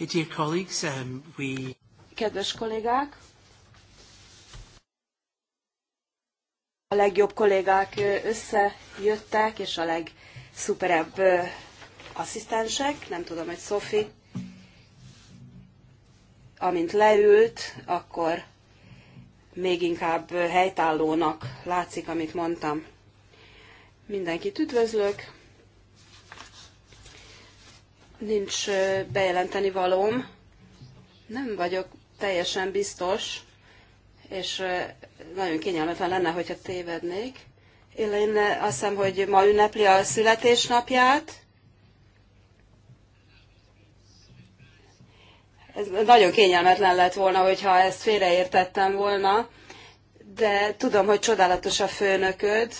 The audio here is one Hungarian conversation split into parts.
Um, Kedves kollégák, a legjobb kollégák összejöttek, és a legszuperebb asszisztensek, nem tudom, hogy Sophie, amint leült, akkor még inkább helytállónak látszik, amit mondtam. Mindenkit üdvözlök, Nincs bejelenteni valóm. Nem vagyok teljesen biztos, és nagyon kényelmetlen lenne, hogyha tévednék. Én azt hiszem, hogy ma ünnepli a születésnapját. Ez nagyon kényelmetlen lett volna, hogyha ezt félreértettem volna, de tudom, hogy csodálatos a főnököd,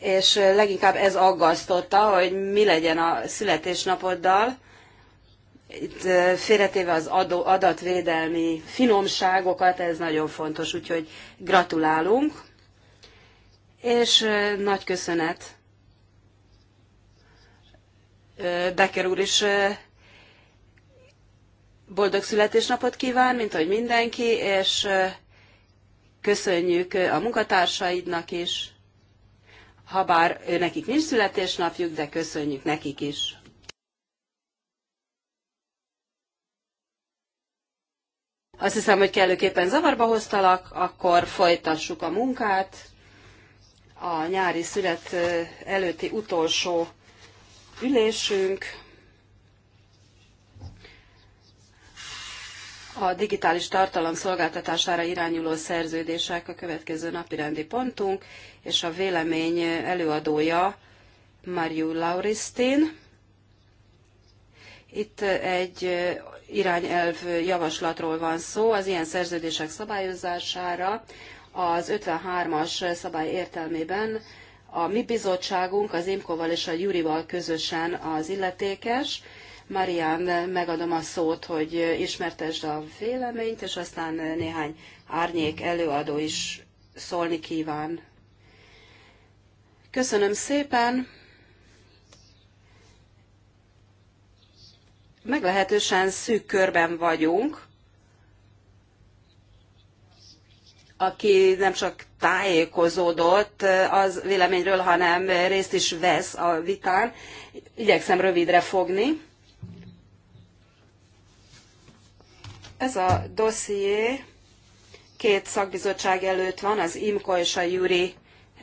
és leginkább ez aggasztotta, hogy mi legyen a születésnapoddal, itt félretéve az adó, adatvédelmi finomságokat, ez nagyon fontos, úgyhogy gratulálunk, és nagy köszönet Becker úr is boldog születésnapot kíván, mint ahogy mindenki, és köszönjük a munkatársaidnak is, habár nekik nincs születésnapjuk, de köszönjük nekik is. Azt hiszem, hogy kellőképpen zavarba hoztalak, akkor folytassuk a munkát. A nyári szület előtti utolsó ülésünk. a digitális tartalom szolgáltatására irányuló szerződések a következő napirendi pontunk, és a vélemény előadója Mariu Lauristin. Itt egy irányelv javaslatról van szó az ilyen szerződések szabályozására. Az 53-as szabály értelmében a mi bizottságunk az Imkoval val és a Jurival közösen az illetékes, Marian, megadom a szót, hogy ismertesd a véleményt, és aztán néhány árnyék előadó is szólni kíván. Köszönöm szépen! Meglehetősen szűk körben vagyunk, aki nem csak tájékozódott az véleményről, hanem részt is vesz a vitán. Igyekszem rövidre fogni. Ez a dosszié két szakbizottság előtt van, az IMKO és a JURI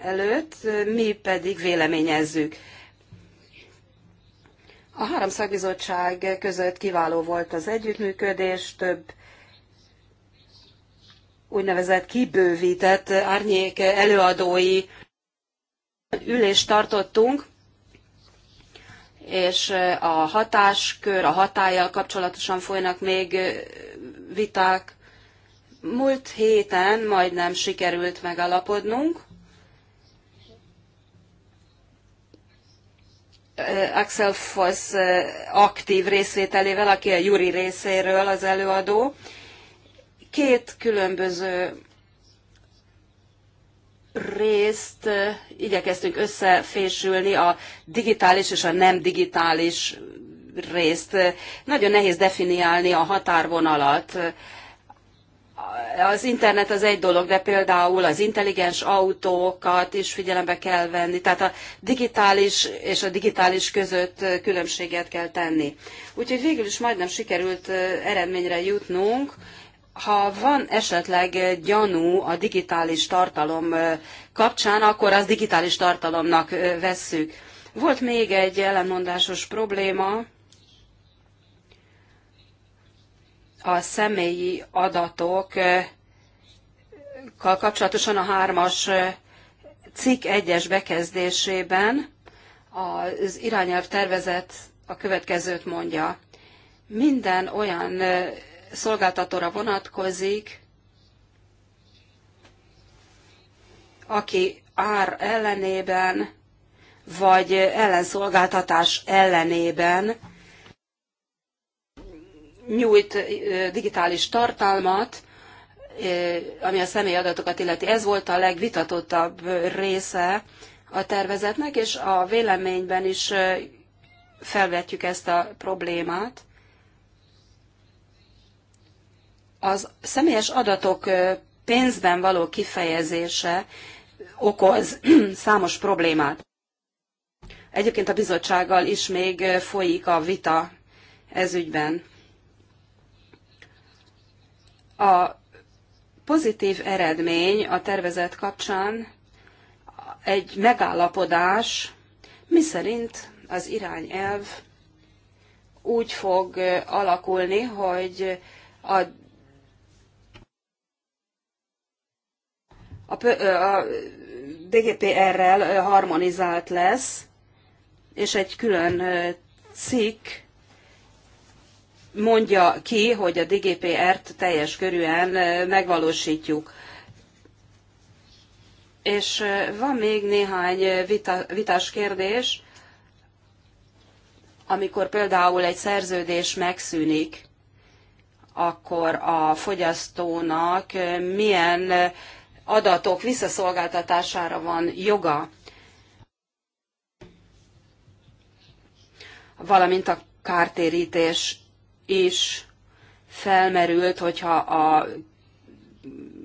előtt, mi pedig véleményezzük. A három szakbizottság között kiváló volt az együttműködés, több úgynevezett kibővített árnyék előadói ülést tartottunk, és a hatáskör, a hatája kapcsolatosan folynak még viták. Múlt héten majdnem sikerült megalapodnunk. Eh, Axel Foss eh, aktív részvételével, aki a Juri részéről az előadó. Két különböző részt eh, igyekeztünk összefésülni a digitális és a nem digitális részt. Nagyon nehéz definiálni a határvonalat. Az internet az egy dolog, de például az intelligens autókat is figyelembe kell venni, tehát a digitális és a digitális között különbséget kell tenni. Úgyhogy végül is majdnem sikerült eredményre jutnunk. Ha van esetleg gyanú a digitális tartalom kapcsán, akkor az digitális tartalomnak vesszük. Volt még egy ellenmondásos probléma, a személyi adatokkal kapcsolatosan a hármas cikk egyes bekezdésében az irányelv tervezet a következőt mondja. Minden olyan szolgáltatóra vonatkozik, aki ár ellenében vagy ellenszolgáltatás ellenében nyújt digitális tartalmat, ami a személyi adatokat illeti. Ez volt a legvitatottabb része a tervezetnek, és a véleményben is felvetjük ezt a problémát. Az személyes adatok pénzben való kifejezése okoz számos problémát. Egyébként a bizottsággal is még folyik a vita ez ügyben. A pozitív eredmény a tervezet kapcsán egy megállapodás, miszerint az irányelv úgy fog alakulni, hogy a, a, a DGPR-rel harmonizált lesz, és egy külön cikk mondja ki, hogy a DGPR-t teljes körűen megvalósítjuk. És van még néhány vita, vitás kérdés, amikor például egy szerződés megszűnik, akkor a fogyasztónak milyen adatok visszaszolgáltatására van joga, valamint a kártérítés is felmerült, hogyha a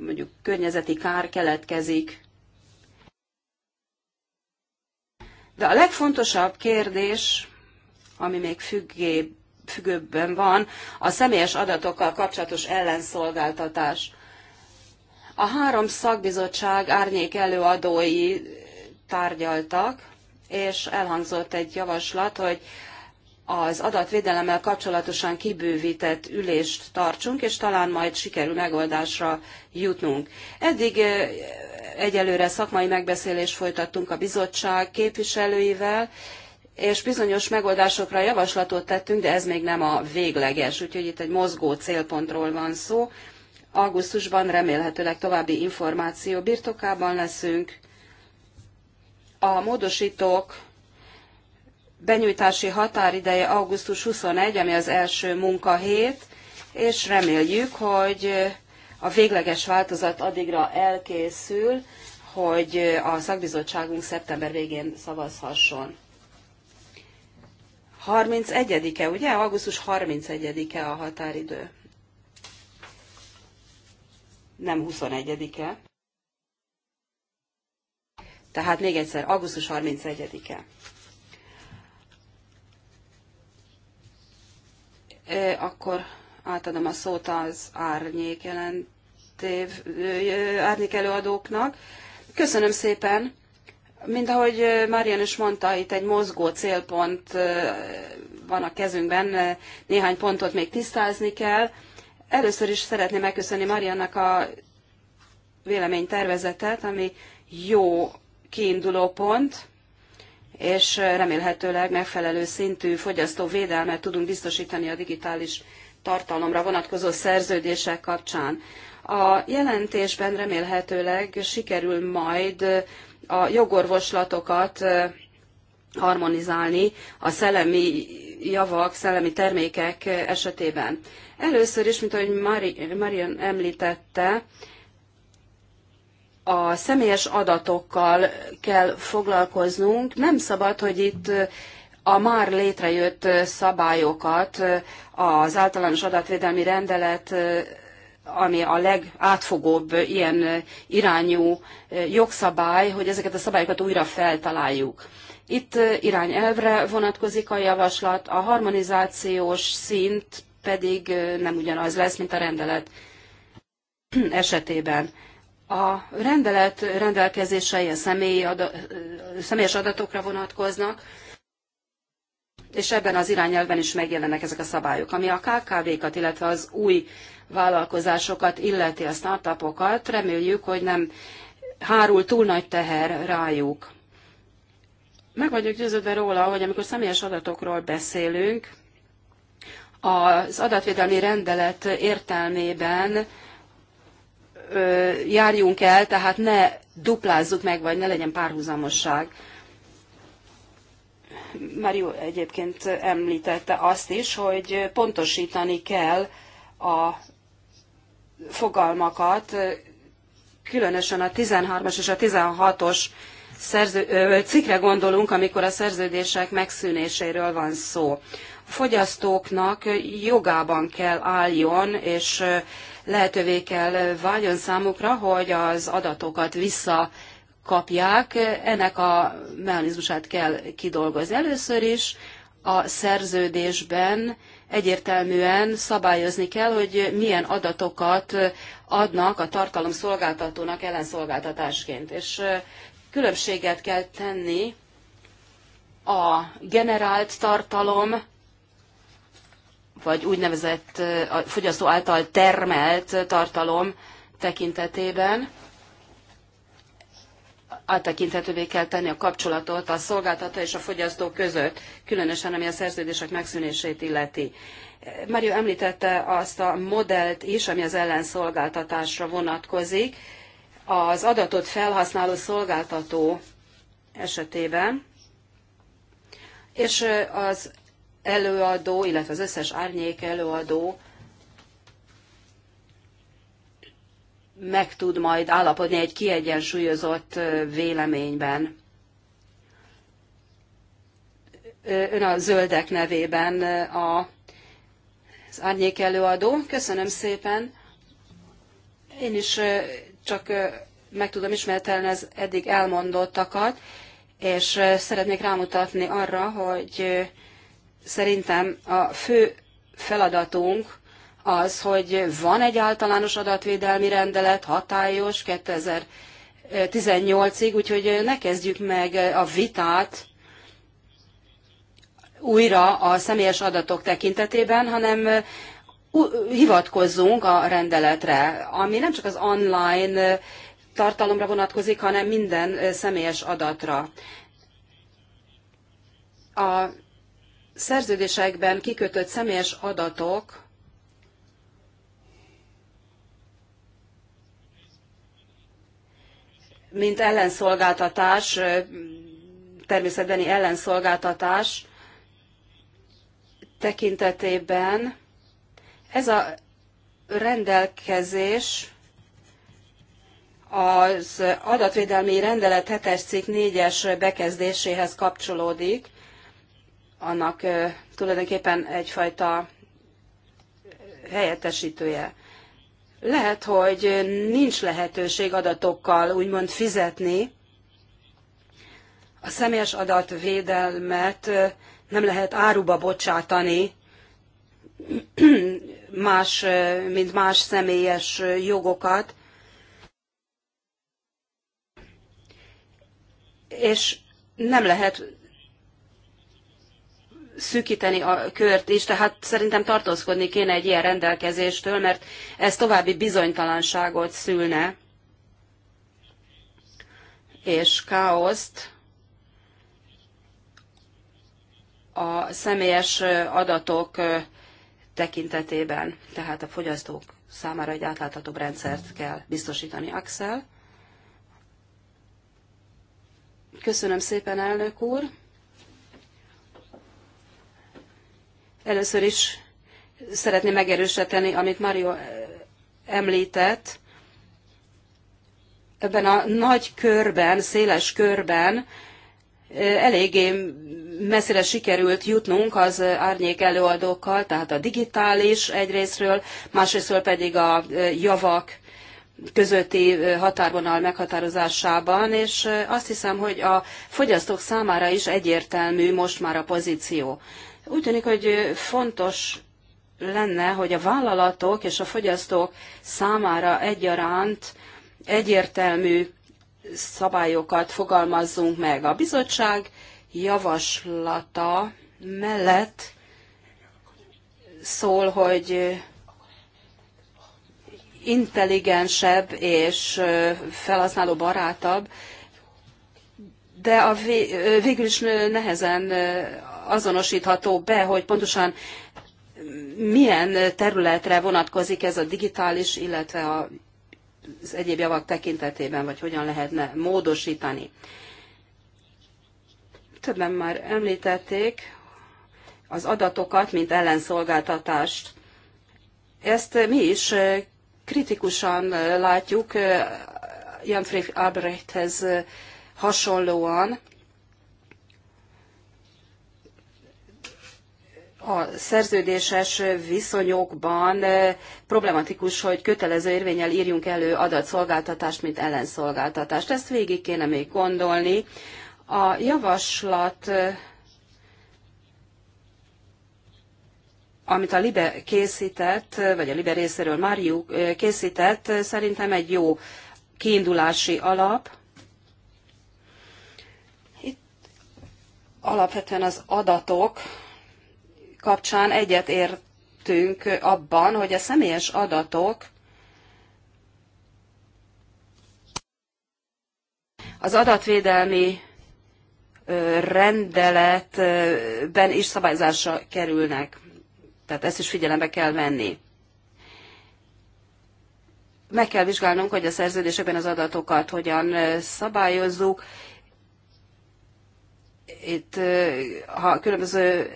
mondjuk környezeti kár keletkezik. De a legfontosabb kérdés, ami még függé, függőbben van, a személyes adatokkal kapcsolatos ellenszolgáltatás. A három szakbizottság árnyék előadói tárgyaltak, és elhangzott egy javaslat, hogy az adatvédelemmel kapcsolatosan kibővített ülést tartsunk, és talán majd sikerül megoldásra jutnunk. Eddig egyelőre szakmai megbeszélést folytattunk a bizottság képviselőivel, és bizonyos megoldásokra javaslatot tettünk, de ez még nem a végleges, úgyhogy itt egy mozgó célpontról van szó. Augusztusban remélhetőleg további információ birtokában leszünk. A módosítók benyújtási határideje augusztus 21, ami az első munkahét, és reméljük, hogy a végleges változat addigra elkészül, hogy a szakbizottságunk szeptember végén szavazhasson. 31-e, ugye? Augusztus 31-e a határidő. Nem 21-e. Tehát még egyszer, augusztus 31-e. akkor átadom a szót az árnyék jelentév, árnyék előadóknak. Köszönöm szépen! Mint ahogy Marian is mondta, itt egy mozgó célpont van a kezünkben, néhány pontot még tisztázni kell. Először is szeretném megköszönni Mariannak a véleménytervezetet, ami jó kiinduló pont és remélhetőleg megfelelő szintű fogyasztóvédelmet tudunk biztosítani a digitális tartalomra vonatkozó szerződések kapcsán. A jelentésben remélhetőleg sikerül majd a jogorvoslatokat harmonizálni a szellemi javak, szellemi termékek esetében. Először is, mint ahogy Marian említette, a személyes adatokkal kell foglalkoznunk. Nem szabad, hogy itt a már létrejött szabályokat az általános adatvédelmi rendelet ami a legátfogóbb ilyen irányú jogszabály, hogy ezeket a szabályokat újra feltaláljuk. Itt irányelvre vonatkozik a javaslat, a harmonizációs szint pedig nem ugyanaz lesz, mint a rendelet esetében. A rendelet rendelkezései a személyi személyes adatokra vonatkoznak, és ebben az irányelven is megjelennek ezek a szabályok. Ami a KKV-kat, illetve az új vállalkozásokat illeti a startupokat, reméljük, hogy nem hárul túl nagy teher rájuk. Meg vagyok győződve róla, hogy amikor személyes adatokról beszélünk, az adatvédelmi rendelet értelmében járjunk el, tehát ne duplázzuk meg, vagy ne legyen párhuzamosság. Mario egyébként említette azt is, hogy pontosítani kell a fogalmakat, különösen a 13-as és a 16-os cikre gondolunk, amikor a szerződések megszűnéséről van szó. A fogyasztóknak jogában kell álljon, és lehetővé kell váljon számukra, hogy az adatokat visszakapják. Ennek a mechanizmusát kell kidolgozni. Először is a szerződésben egyértelműen szabályozni kell, hogy milyen adatokat adnak a tartalomszolgáltatónak ellenszolgáltatásként. És különbséget kell tenni a generált tartalom vagy úgynevezett a fogyasztó által termelt tartalom tekintetében áttekinthetővé kell tenni a kapcsolatot a szolgáltató és a fogyasztó között, különösen ami a szerződések megszűnését illeti. Mario említette azt a modellt is, ami az ellenszolgáltatásra vonatkozik. Az adatot felhasználó szolgáltató esetében, és az előadó, illetve az összes árnyék előadó meg tud majd állapodni egy kiegyensúlyozott véleményben. Ön a zöldek nevében a, az árnyék előadó. Köszönöm szépen. Én is csak meg tudom ismertelni az eddig elmondottakat, és szeretnék rámutatni arra, hogy Szerintem a fő feladatunk az, hogy van egy általános adatvédelmi rendelet, hatályos 2018-ig, úgyhogy ne kezdjük meg a vitát újra a személyes adatok tekintetében, hanem hivatkozzunk a rendeletre, ami nem csak az online tartalomra vonatkozik, hanem minden személyes adatra. A szerződésekben kikötött személyes adatok mint ellenszolgáltatás, természetbeni ellenszolgáltatás tekintetében ez a rendelkezés az adatvédelmi rendelet 7-es cikk 4-es bekezdéséhez kapcsolódik, annak tulajdonképpen egyfajta helyettesítője. Lehet, hogy nincs lehetőség adatokkal úgymond fizetni, a személyes adatvédelmet nem lehet áruba bocsátani, más, mint más személyes jogokat. És nem lehet szűkíteni a kört is, tehát szerintem tartózkodni kéne egy ilyen rendelkezéstől, mert ez további bizonytalanságot szülne, és káoszt a személyes adatok tekintetében, tehát a fogyasztók számára egy átláthatóbb rendszert kell biztosítani. Axel. Köszönöm szépen, elnök úr. Először is szeretném megerősíteni, amit Mario eh, említett, ebben a nagy körben, széles körben eh, eléggé messzire sikerült jutnunk az árnyék előadókkal, tehát a digitális egyrésztről, másrésztről pedig a eh, javak közötti határvonal meghatározásában, és azt hiszem, hogy a fogyasztók számára is egyértelmű most már a pozíció. Úgy tűnik, hogy fontos lenne, hogy a vállalatok és a fogyasztók számára egyaránt egyértelmű szabályokat fogalmazzunk meg. A bizottság javaslata mellett szól, hogy intelligensebb és felhasználó barátabb, de a vé- végül is nehezen azonosítható be, hogy pontosan milyen területre vonatkozik ez a digitális, illetve az egyéb javak tekintetében, vagy hogyan lehetne módosítani. Többen már említették az adatokat, mint ellenszolgáltatást. Ezt mi is kritikusan látjuk Jan Frick Albrechthez hasonlóan, a szerződéses viszonyokban eh, problematikus, hogy kötelező érvényel írjunk elő adatszolgáltatást, mint ellenszolgáltatást. Ezt végig kéne még gondolni. A javaslat, eh, amit a Libe készített, eh, vagy a Libe részéről Máriú készített, szerintem egy jó kiindulási alap. Itt alapvetően az adatok, kapcsán egyet értünk abban, hogy a személyes adatok az adatvédelmi rendeletben is szabályzásra kerülnek. Tehát ezt is figyelembe kell venni. Meg kell vizsgálnunk, hogy a szerződésekben az adatokat hogyan szabályozzuk. Itt, ha különböző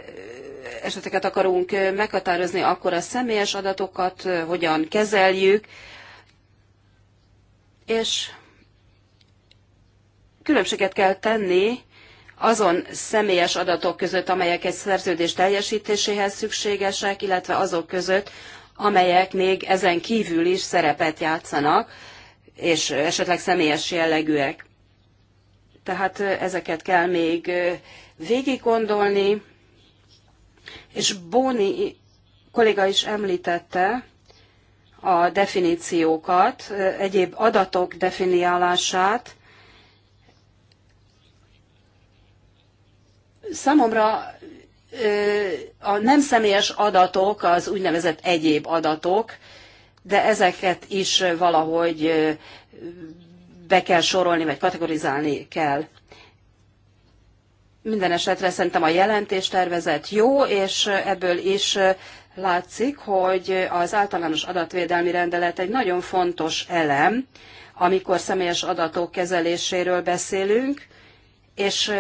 eseteket akarunk meghatározni, akkor a személyes adatokat hogyan kezeljük, és különbséget kell tenni azon személyes adatok között, amelyek egy szerződés teljesítéséhez szükségesek, illetve azok között, amelyek még ezen kívül is szerepet játszanak, és esetleg személyes jellegűek. Tehát ezeket kell még végig gondolni, és Bóni kolléga is említette a definíciókat, egyéb adatok definiálását. Számomra a nem személyes adatok az úgynevezett egyéb adatok, de ezeket is valahogy be kell sorolni, vagy kategorizálni kell. Minden esetre szerintem a jelentéstervezet jó, és ebből is látszik, hogy az általános adatvédelmi rendelet egy nagyon fontos elem, amikor személyes adatok kezeléséről beszélünk, és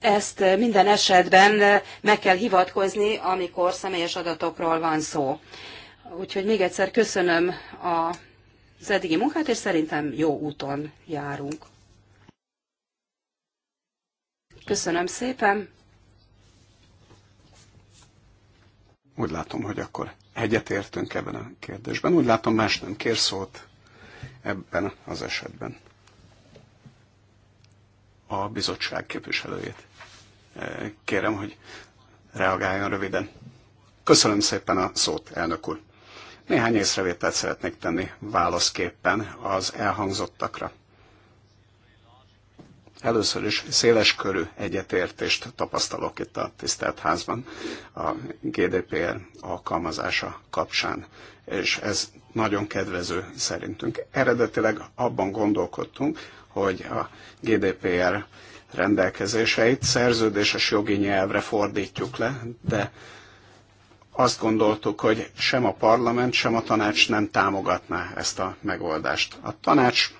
ezt minden esetben meg kell hivatkozni, amikor személyes adatokról van szó. Úgyhogy még egyszer köszönöm az eddigi munkát, és szerintem jó úton járunk. Köszönöm szépen. Úgy látom, hogy akkor egyetértünk ebben a kérdésben. Úgy látom, más nem kér szót ebben az esetben. A bizottság képviselőjét. E, kérem, hogy reagáljon röviden. Köszönöm szépen a szót, elnök úr. Néhány észrevételt szeretnék tenni válaszképpen az elhangzottakra. Először is széles körű egyetértést tapasztalok itt a tisztelt házban a GDPR alkalmazása kapcsán, és ez nagyon kedvező szerintünk. Eredetileg abban gondolkodtunk, hogy a GDPR rendelkezéseit szerződéses jogi nyelvre fordítjuk le, de azt gondoltuk, hogy sem a parlament, sem a tanács nem támogatná ezt a megoldást. A tanács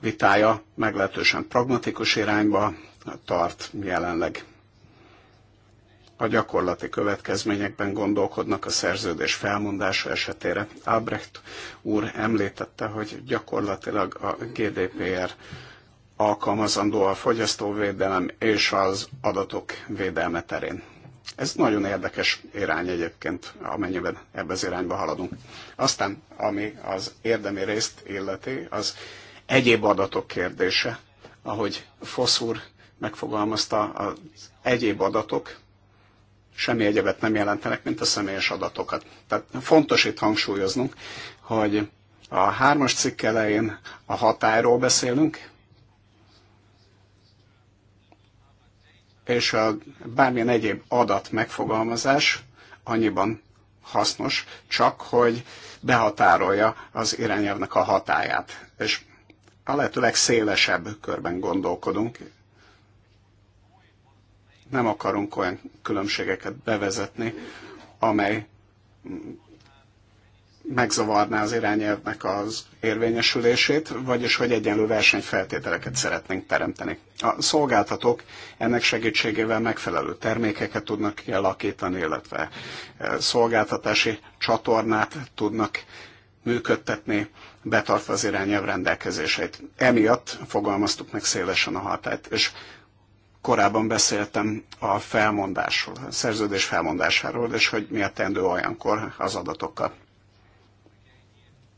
vitája meglehetősen pragmatikus irányba tart jelenleg. A gyakorlati következményekben gondolkodnak a szerződés felmondása esetére. Albrecht úr említette, hogy gyakorlatilag a GDPR alkalmazandó a fogyasztóvédelem és az adatok védelme terén. Ez nagyon érdekes irány egyébként, amennyiben ebbe az irányba haladunk. Aztán, ami az érdemi részt illeti, az egyéb adatok kérdése, ahogy Foszúr megfogalmazta, az egyéb adatok semmi egyebet nem jelentenek, mint a személyes adatokat. Tehát fontos itt hangsúlyoznunk, hogy a hármas cikk elején a hatályról beszélünk, és a bármilyen egyéb adat megfogalmazás annyiban hasznos, csak hogy behatárolja az irányelvnek a hatáját. És a lehető legszélesebb körben gondolkodunk. Nem akarunk olyan különbségeket bevezetni, amely megzavarná az irányelvnek az érvényesülését, vagyis hogy egyenlő versenyfeltételeket szeretnénk teremteni. A szolgáltatók ennek segítségével megfelelő termékeket tudnak kialakítani, illetve eh, szolgáltatási csatornát tudnak működtetni, betartva az irányelv rendelkezéseit. Emiatt fogalmaztuk meg szélesen a hatályt, és korábban beszéltem a felmondásról, a szerződés felmondásáról, és hogy mi a tendő olyankor az adatokkal.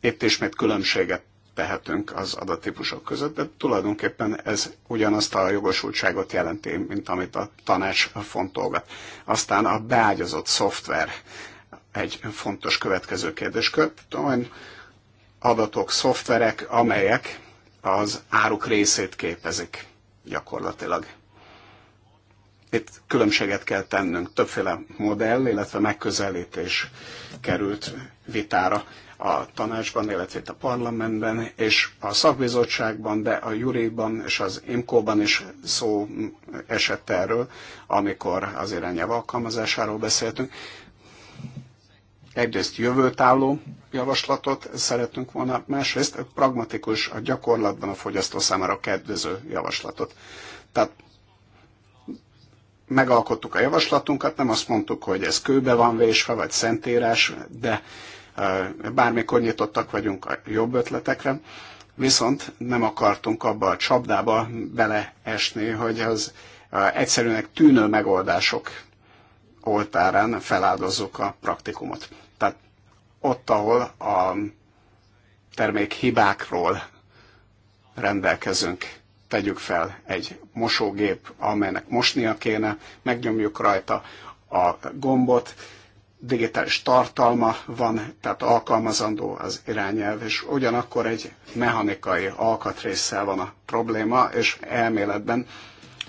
Itt ismét különbséget tehetünk az adattípusok között, de tulajdonképpen ez ugyanazt a jogosultságot jelenti, mint amit a tanács fontolgat. Aztán a beágyazott szoftver egy fontos következő kérdéskör adatok, szoftverek, amelyek az áruk részét képezik gyakorlatilag. Itt különbséget kell tennünk. Többféle modell, illetve megközelítés került vitára a tanácsban, illetve itt a parlamentben, és a szakbizottságban, de a Juriban és az IMKO-ban is szó esett erről, amikor az irányelv alkalmazásáról beszéltünk egyrészt jövőtálló javaslatot szeretünk volna, másrészt pragmatikus, a gyakorlatban a fogyasztó számára kedvező javaslatot. Tehát megalkottuk a javaslatunkat, nem azt mondtuk, hogy ez kőbe van vésve, vagy szentírás, de bármikor nyitottak vagyunk a jobb ötletekre, viszont nem akartunk abba a csapdába beleesni, hogy az egyszerűnek tűnő megoldások oltárán feláldozzuk a praktikumot. Tehát ott, ahol a termék hibákról rendelkezünk, tegyük fel egy mosógép, amelynek mosnia kéne, megnyomjuk rajta a gombot, digitális tartalma van, tehát alkalmazandó az irányelv, és ugyanakkor egy mechanikai alkatrészsel van a probléma, és elméletben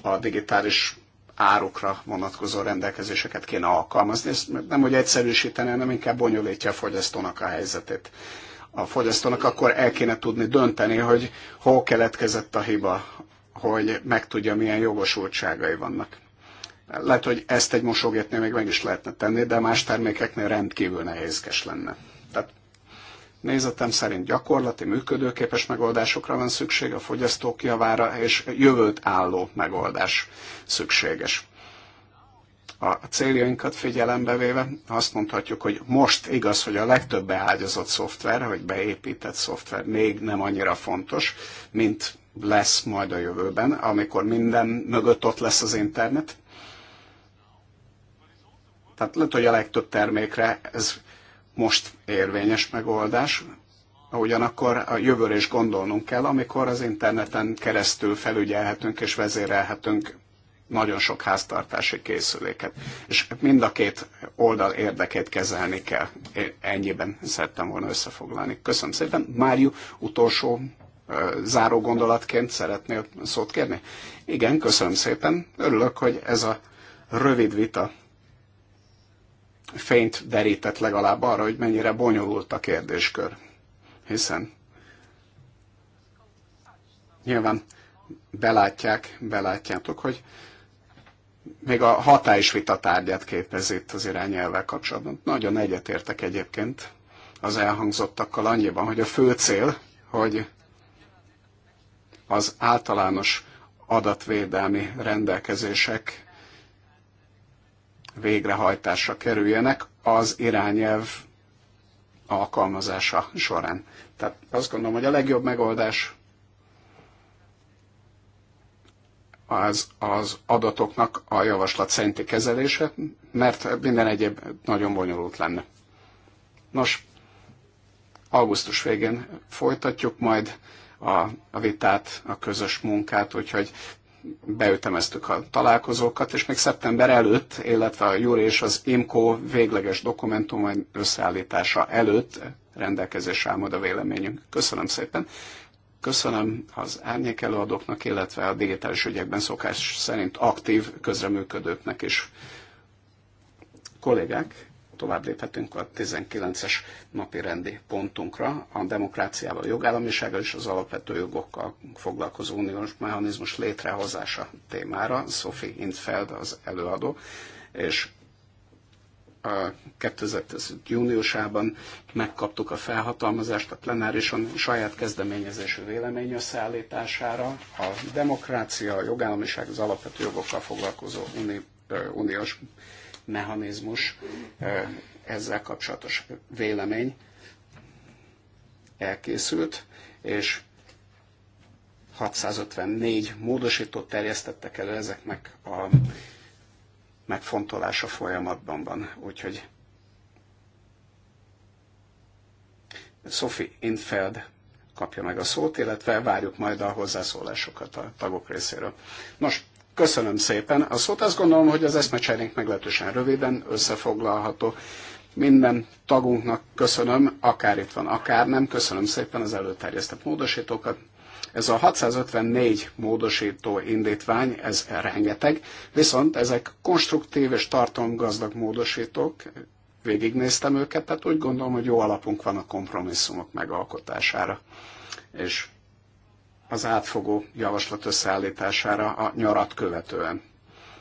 a digitális árukra vonatkozó rendelkezéseket kéne alkalmazni. Ezt nem, hogy egyszerűsíteni, hanem inkább bonyolítja a fogyasztónak a helyzetét. A fogyasztónak akkor el kéne tudni dönteni, hogy hol keletkezett a hiba, hogy megtudja, milyen jogosultságai vannak. Lehet, hogy ezt egy mosógépnél még meg is lehetne tenni, de más termékeknél rendkívül nehézkes lenne. Tehát nézetem szerint gyakorlati, működőképes megoldásokra van szükség, a fogyasztók javára, és jövőt álló megoldás szükséges. A céljainkat figyelembe véve azt mondhatjuk, hogy most igaz, hogy a legtöbb beágyazott szoftver, vagy beépített szoftver még nem annyira fontos, mint lesz majd a jövőben, amikor minden mögött ott lesz az internet. Tehát lehet, hogy a legtöbb termékre ez most érvényes megoldás, ugyanakkor a jövőre is gondolnunk kell, amikor az interneten keresztül felügyelhetünk és vezérelhetünk nagyon sok háztartási készüléket. És mind a két oldal érdekét kezelni kell. Én ennyiben szerettem volna összefoglalni. Köszönöm szépen. Máriu, utolsó záró gondolatként szeretnél szót kérni? Igen, köszönöm szépen. Örülök, hogy ez a rövid vita fényt derített legalább arra, hogy mennyire bonyolult a kérdéskör. Hiszen nyilván belátják, belátjátok, hogy még a hatá is vita tárgyát képez itt az irányelvvel kapcsolatban. Nagyon egyetértek egyébként az elhangzottakkal annyiban, hogy a fő cél, hogy az általános adatvédelmi rendelkezések végrehajtásra kerüljenek az irányelv alkalmazása során. Tehát azt gondolom, hogy a legjobb megoldás az, az adatoknak a javaslat szerinti kezelése, mert minden egyéb nagyon bonyolult lenne. Nos, augusztus végén folytatjuk majd a, a vitát, a közös munkát, úgyhogy beütemeztük a találkozókat, és még szeptember előtt, illetve a Júri és az IMCO végleges dokumentum összeállítása előtt rendelkezésre áll majd a véleményünk. Köszönöm szépen. Köszönöm az árnyék előadóknak, illetve a digitális ügyekben szokás szerint aktív közreműködőknek is. Kollégák, tovább léphetünk a 19-es napi rendi pontunkra, a demokráciával, a jogállamisággal és az alapvető jogokkal foglalkozó uniós mechanizmus létrehozása témára. Sophie Intfeld az előadó, és a 2010 júniusában megkaptuk a felhatalmazást a plenárison saját kezdeményezésű vélemény összeállítására a demokrácia, a jogállamiság, az alapvető jogokkal foglalkozó uni, uniós mechanizmus, ezzel kapcsolatos vélemény elkészült, és 654 módosítót terjesztettek elő ezeknek a megfontolása folyamatban van. Úgyhogy Sophie Infeld kapja meg a szót, illetve várjuk majd a hozzászólásokat a tagok részéről. Nos, Köszönöm szépen a szót. Azt gondolom, hogy az eszmecserénk meglehetősen röviden összefoglalható. Minden tagunknak köszönöm, akár itt van, akár nem. Köszönöm szépen az előterjesztett módosítókat. Ez a 654 módosító indítvány, ez rengeteg, viszont ezek konstruktív és tartalomgazdag módosítók, végignéztem őket, tehát úgy gondolom, hogy jó alapunk van a kompromisszumok megalkotására. És az átfogó javaslat összeállítására a nyarat követően.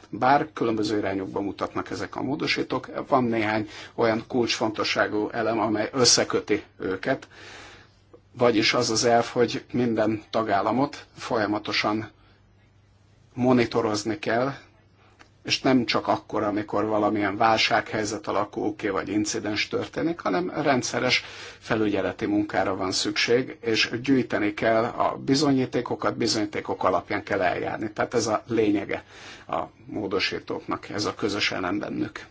Bár különböző irányokba mutatnak ezek a módosítók, van néhány olyan kulcsfontosságú elem, amely összeköti őket, vagyis az az elv, hogy minden tagállamot folyamatosan monitorozni kell, és nem csak akkor, amikor valamilyen válsághelyzet alakul ki, vagy incidens történik, hanem rendszeres felügyeleti munkára van szükség, és gyűjteni kell a bizonyítékokat, bizonyítékok alapján kell eljárni. Tehát ez a lényege a módosítóknak, ez a közös bennük.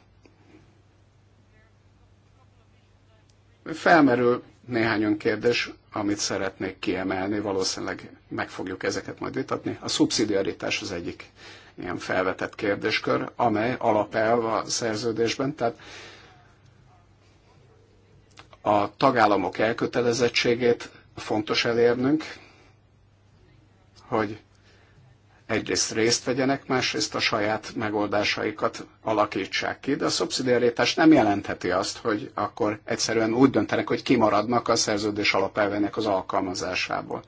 Felmerül néhány kérdés, amit szeretnék kiemelni, valószínűleg meg fogjuk ezeket majd vitatni. A szubszidiaritás az egyik ilyen felvetett kérdéskör, amely alapelv a szerződésben, tehát a tagállamok elkötelezettségét fontos elérnünk, hogy egyrészt részt vegyenek, másrészt a saját megoldásaikat alakítsák ki, de a szubszidiaritás nem jelentheti azt, hogy akkor egyszerűen úgy döntenek, hogy kimaradnak a szerződés alapelvének az alkalmazásából.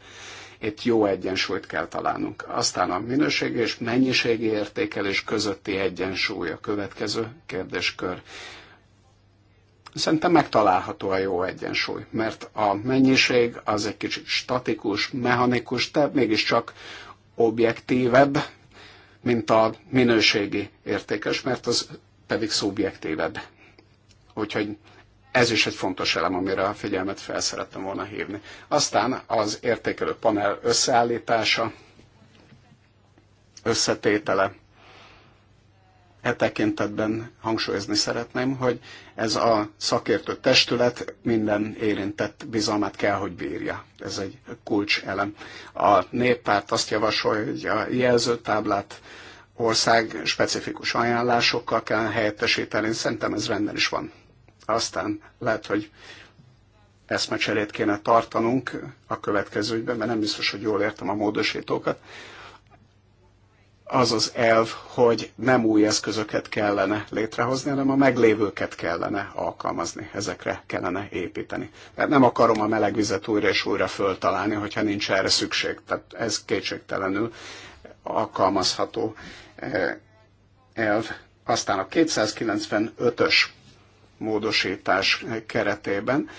Itt jó egyensúlyt kell találnunk. Aztán a minőségi és mennyiségi értékelés közötti egyensúly a következő kérdéskör. Szerintem megtalálható a jó egyensúly, mert a mennyiség az egy kicsit statikus, mechanikus, de mégiscsak objektívebb, mint a minőségi értékes, mert az pedig szubjektívebb. Úgyhogy ez is egy fontos elem, amire a figyelmet fel szerettem volna hívni. Aztán az értékelő panel összeállítása, összetétele. E tekintetben hangsúlyozni szeretném, hogy ez a szakértő testület minden érintett bizalmát kell, hogy bírja. Ez egy kulcselem. A néppárt azt javasolja, hogy a jelzőtáblát ország specifikus ajánlásokkal kell helyettesíteni. Szerintem ez rendben is van aztán lehet, hogy eszmecserét kéne tartanunk a következő ügyben, mert nem biztos, hogy jól értem a módosítókat. Az az elv, hogy nem új eszközöket kellene létrehozni, hanem a meglévőket kellene alkalmazni, ezekre kellene építeni. Mert nem akarom a melegvizet újra és újra föltalálni, hogyha nincs erre szükség. Tehát ez kétségtelenül alkalmazható eh, elv. Aztán a 295-ös módosítás keretében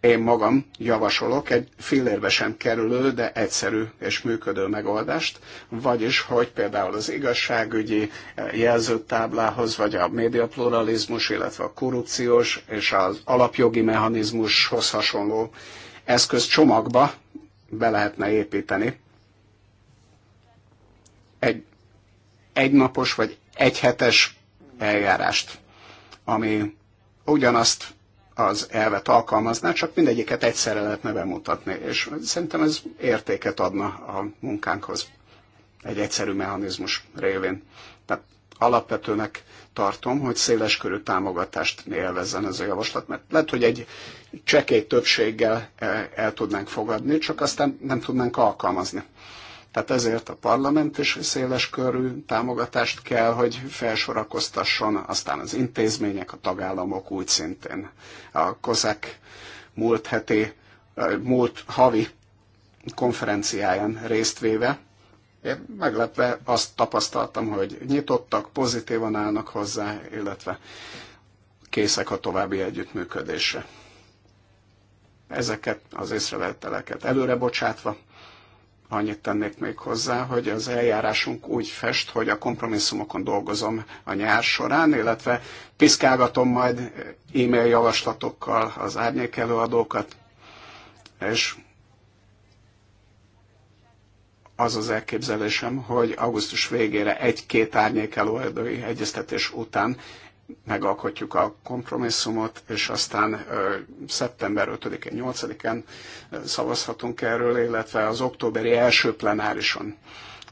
én magam javasolok egy félérbe sem kerülő, de egyszerű és működő megoldást, vagyis, hogy például az igazságügyi eh, jelzőtáblához, vagy a médiapluralizmus, illetve a korrupciós és az alapjogi mechanizmushoz hasonló eszköz csomagba be lehetne építeni egy egynapos vagy egyhetes eljárást, ami ugyanazt az elvet alkalmazná, csak mindegyiket egyszerre lehetne bemutatni, és szerintem ez értéket adna a munkánkhoz egy egyszerű mechanizmus révén. Tehát alapvetőnek tartom, hogy széleskörű támogatást élvezzen ez a javaslat, mert lehet, hogy egy csekély többséggel eh, el tudnánk fogadni, csak aztán nem tudnánk alkalmazni. Tehát ezért a parlament is széles körű támogatást kell, hogy felsorakoztasson, aztán az intézmények, a tagállamok úgy szintén. A kozák múlt heti, múlt havi konferenciáján részt én meglepve azt tapasztaltam, hogy nyitottak, pozitívan állnak hozzá, illetve készek a további együttműködésre. Ezeket az észrevételeket előre bocsátva, annyit tennék még hozzá, hogy az eljárásunk úgy fest, hogy a kompromisszumokon dolgozom a nyár során, illetve piszkálgatom majd e-mail javaslatokkal az árnyék előadókat, és az az elképzelésem, hogy augusztus végére egy-két árnyék előadói egyeztetés után megalkotjuk a kompromisszumot, és aztán szeptember 5-én, 8-án szavazhatunk erről, illetve az októberi első plenárison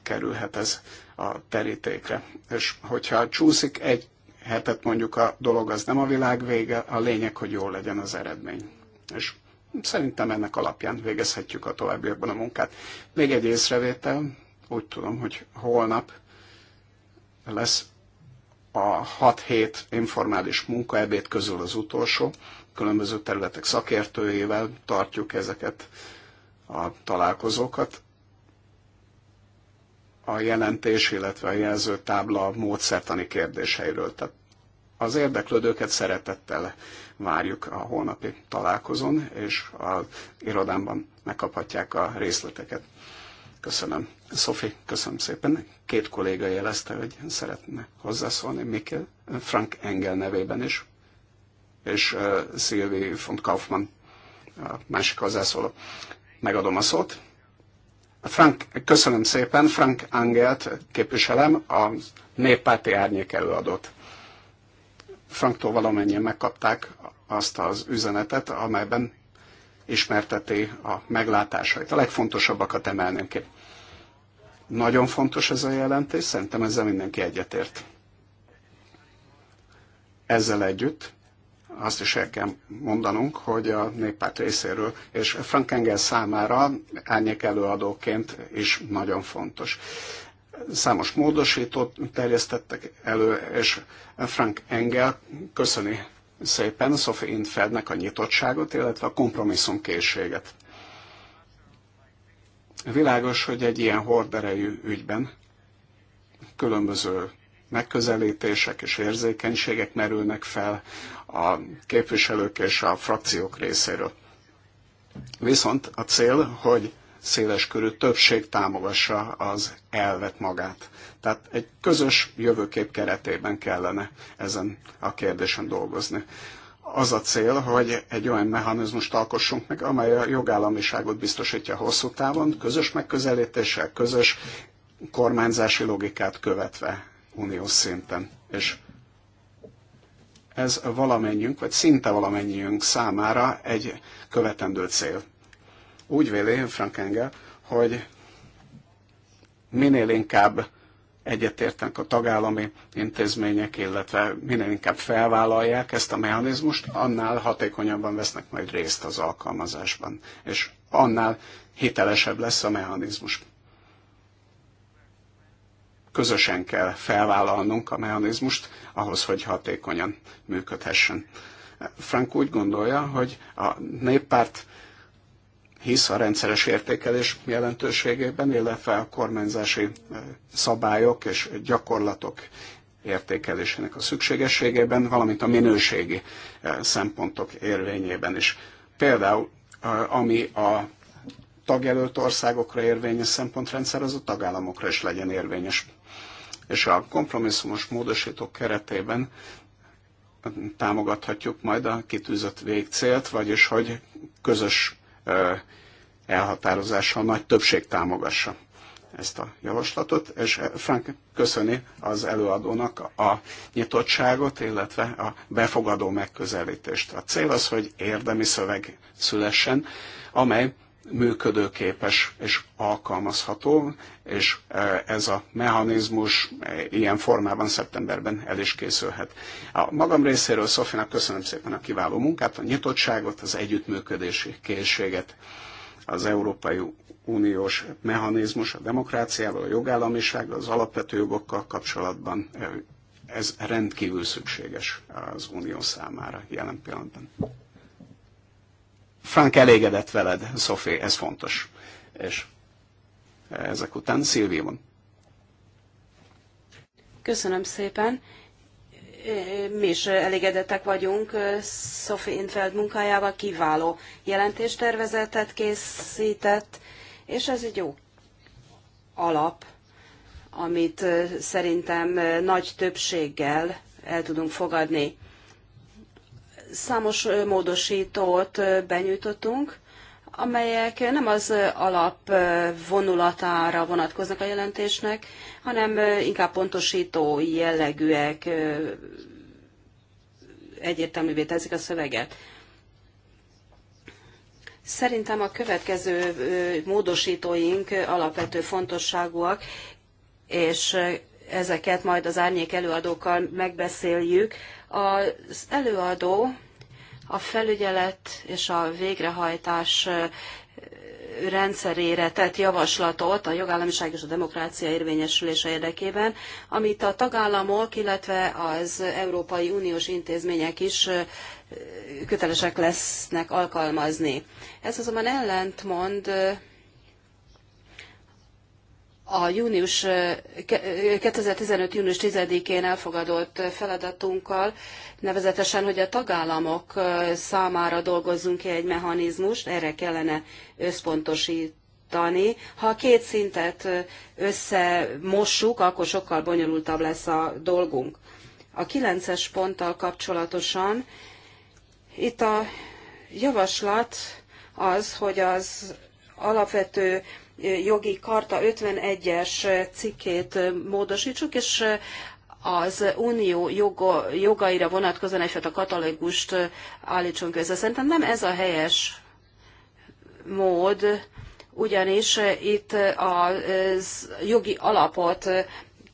kerülhet ez a terítékre. És hogyha csúszik egy hetet mondjuk a dolog, az nem a világ vége, a lényeg, hogy jó legyen az eredmény. És szerintem ennek alapján végezhetjük a továbbiakban a munkát. Még egy észrevétel, úgy tudom, hogy holnap lesz a 6-7 informális munkaebéd közül az utolsó, különböző területek szakértőjével tartjuk ezeket a találkozókat. A jelentés, illetve a jelzőtábla módszertani kérdéseiről. Tehát az érdeklődőket szeretettel várjuk a holnapi találkozón, és az irodámban megkaphatják a részleteket. Köszönöm. Szofi, köszönöm szépen. Két kolléga jelezte, hogy szeretne hozzászólni Mikkel, Frank Engel nevében is, és uh, Szilvi von Kaufmann, a másik hozzászóló. Megadom a szót. Frank, köszönöm szépen, Frank Angelt képviselem, a néppárti árnyék előadót. Franktól valamennyien megkapták azt az üzenetet, amelyben ismerteti a meglátásait. A legfontosabbakat emelném ki. Nagyon fontos ez a jelentés, szerintem ezzel mindenki egyetért. Ezzel együtt azt is el kell mondanunk, hogy a néppárt részéről, és Frank Engel számára árnyék előadóként is nagyon fontos. Számos módosítót terjesztettek elő, és Frank Engel köszöni szépen Sophie Infeldnek a nyitottságot, illetve a kompromisszumkészséget Világos, hogy egy ilyen horderejű ügyben különböző megközelítések és érzékenységek merülnek fel a képviselők és a frakciók részéről. Viszont a cél, hogy széles körű többség támogassa az elvet magát. Tehát egy közös jövőkép keretében kellene ezen a kérdésen dolgozni az a cél, hogy egy olyan mechanizmust alkossunk meg, amely a jogállamiságot biztosítja hosszú távon, közös megközelítéssel, közös kormányzási logikát követve uniós szinten. És ez valamennyünk, vagy szinte valamennyiünk számára egy követendő cél. Úgy véli Frank Engel, hogy minél inkább egyetértenek a tagállami intézmények, illetve minél inkább felvállalják ezt a mechanizmust, annál hatékonyabban vesznek majd részt az alkalmazásban, és annál hitelesebb lesz a mechanizmus. Közösen kell felvállalnunk a mechanizmust ahhoz, hogy hatékonyan működhessen. Frank úgy gondolja, hogy a néppárt hisz a rendszeres értékelés jelentőségében, illetve a kormányzási szabályok és gyakorlatok értékelésének a szükségességében, valamint a minőségi szempontok érvényében is. Például, ami a tagjelölt országokra érvényes szempontrendszer, az a tagállamokra is legyen érvényes. És a kompromisszumos módosítók keretében támogathatjuk majd a kitűzött végcélt, vagyis hogy közös a nagy többség támogassa ezt a javaslatot, és Frank köszöni az előadónak a nyitottságot, illetve a befogadó megközelítést. A cél az, hogy érdemi szöveg szülessen, amely működőképes és alkalmazható, és e, ez a mechanizmus e, ilyen formában szeptemberben el is készülhet. A magam részéről Szofinak köszönöm szépen a kiváló munkát, a nyitottságot, az együttműködési készséget, az Európai Uniós mechanizmus a demokráciával, a jogállamisággal, az alapvető jogokkal kapcsolatban e, ez rendkívül szükséges az Unió számára jelen pillanatban. Frank elégedett veled, Sophie, ez fontos. És ezek után van. Köszönöm szépen. Mi is elégedettek vagyunk eh, Sophie Infeld munkájával, kiváló jelentéstervezetet készített, és ez egy jó alap, amit eh, szerintem eh, nagy többséggel el tudunk fogadni. Számos módosítót benyújtottunk, amelyek nem az alap vonulatára vonatkoznak a jelentésnek, hanem inkább pontosító jellegűek, egyértelművé teszik a szöveget. Szerintem a következő módosítóink alapvető fontosságúak, és ezeket majd az árnyék előadókkal megbeszéljük. Az előadó a felügyelet és a végrehajtás rendszerére tett javaslatot a jogállamiság és a demokrácia érvényesülése érdekében, amit a tagállamok, illetve az Európai Uniós intézmények is kötelesek lesznek alkalmazni. Ez azonban ellentmond mond a június 2015. június 10-én elfogadott feladatunkkal, nevezetesen, hogy a tagállamok számára dolgozzunk ki egy mechanizmust, erre kellene összpontosítani. Ha a két szintet összemossuk, akkor sokkal bonyolultabb lesz a dolgunk. A kilences ponttal kapcsolatosan itt a javaslat az, hogy az alapvető jogi karta 51-es cikkét módosítsuk, és az unió joga, jogaira vonatkozóan egyfajta katalógust állítsunk össze. Szerintem nem ez a helyes mód, ugyanis itt a jogi alapot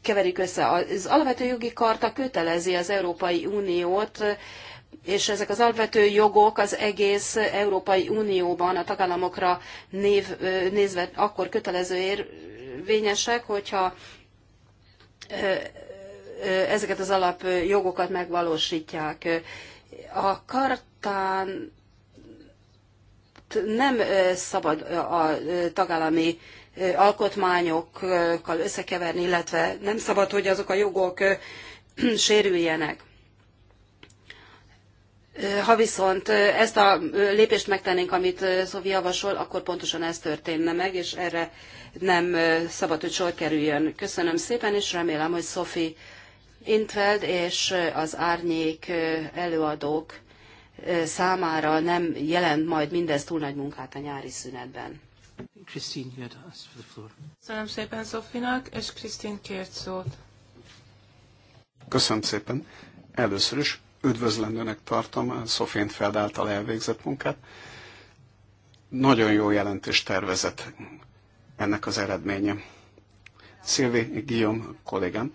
keverik össze. Az alapvető jogi karta kötelezi az Európai Uniót és ezek az alapvető jogok az egész Európai Unióban a tagállamokra név, nézve akkor kötelező érvényesek, hogyha ezeket az alapjogokat megvalósítják. A kartán nem szabad a tagállami alkotmányokkal összekeverni, illetve nem szabad, hogy azok a jogok sérüljenek. Ha viszont ezt a lépést megtennénk, amit Szovi javasol, akkor pontosan ez történne meg, és erre nem szabad, hogy sor kerüljön. Köszönöm szépen, és remélem, hogy Szofi Intveld és az árnyék előadók számára nem jelent majd mindez túl nagy munkát a nyári szünetben. Köszönöm szépen Szofinak, és Krisztin kért szót. Köszönöm szépen. Először is üdvözlendőnek tartom a Szofén Feld által elvégzett munkát. Nagyon jó jelentés tervezet ennek az eredménye. Szilvi Guillaume kollégám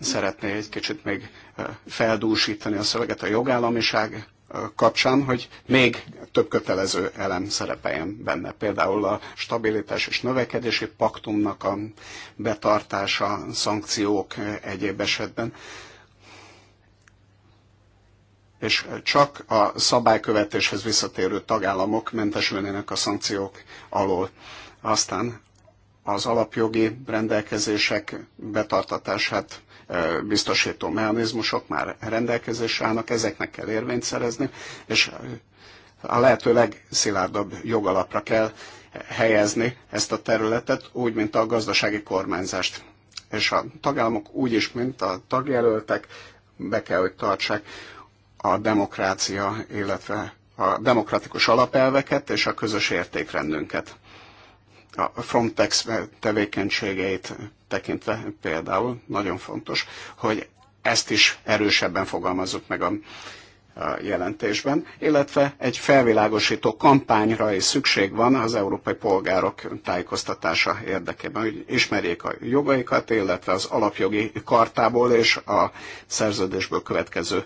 szeretné egy kicsit még eh, feldúsítani a szöveget a jogállamiság eh, kapcsán, hogy még több kötelező elem szerepeljen benne. Például a stabilitás és növekedési paktumnak a betartása, szankciók eh, egyéb esetben és csak a szabálykövetéshez visszatérő tagállamok mentesülnének a szankciók alól. Aztán az alapjogi rendelkezések betartatását e, biztosító mechanizmusok már rendelkezésre állnak, ezeknek kell érvényt szerezni, és a lehető legszilárdabb jogalapra kell helyezni ezt a területet, úgy, mint a gazdasági kormányzást. És a tagállamok úgy is, mint a tagjelöltek, be kell, hogy tartsák a demokrácia, illetve a demokratikus alapelveket és a közös értékrendünket. A Frontex tevékenységeit tekintve például nagyon fontos, hogy ezt is erősebben fogalmazzuk meg a jelentésben, illetve egy felvilágosító kampányra is szükség van az európai polgárok tájékoztatása érdekében, hogy ismerjék a jogaikat, illetve az alapjogi kartából és a szerződésből következő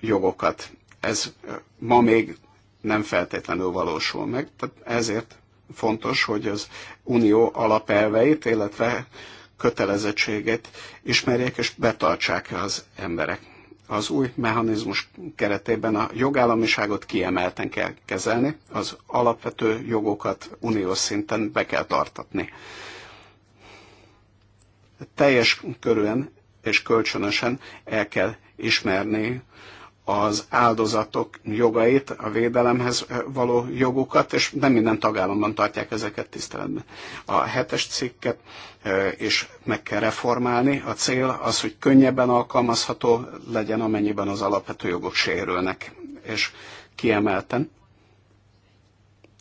jogokat. Ez ma még nem feltétlenül valósul meg, tehát ezért fontos, hogy az unió alapelveit, illetve kötelezettségét ismerjék és betartsák az emberek az új mechanizmus keretében a jogállamiságot kiemelten kell kezelni, az alapvető jogokat uniós szinten be kell tartatni. Teljes körülön és kölcsönösen el kell ismerni az áldozatok jogait, a védelemhez való jogukat, és nem minden tagállamban tartják ezeket tiszteletben. A hetes cikket és meg kell reformálni. A cél az, hogy könnyebben alkalmazható legyen, amennyiben az alapvető jogok sérülnek. És kiemelten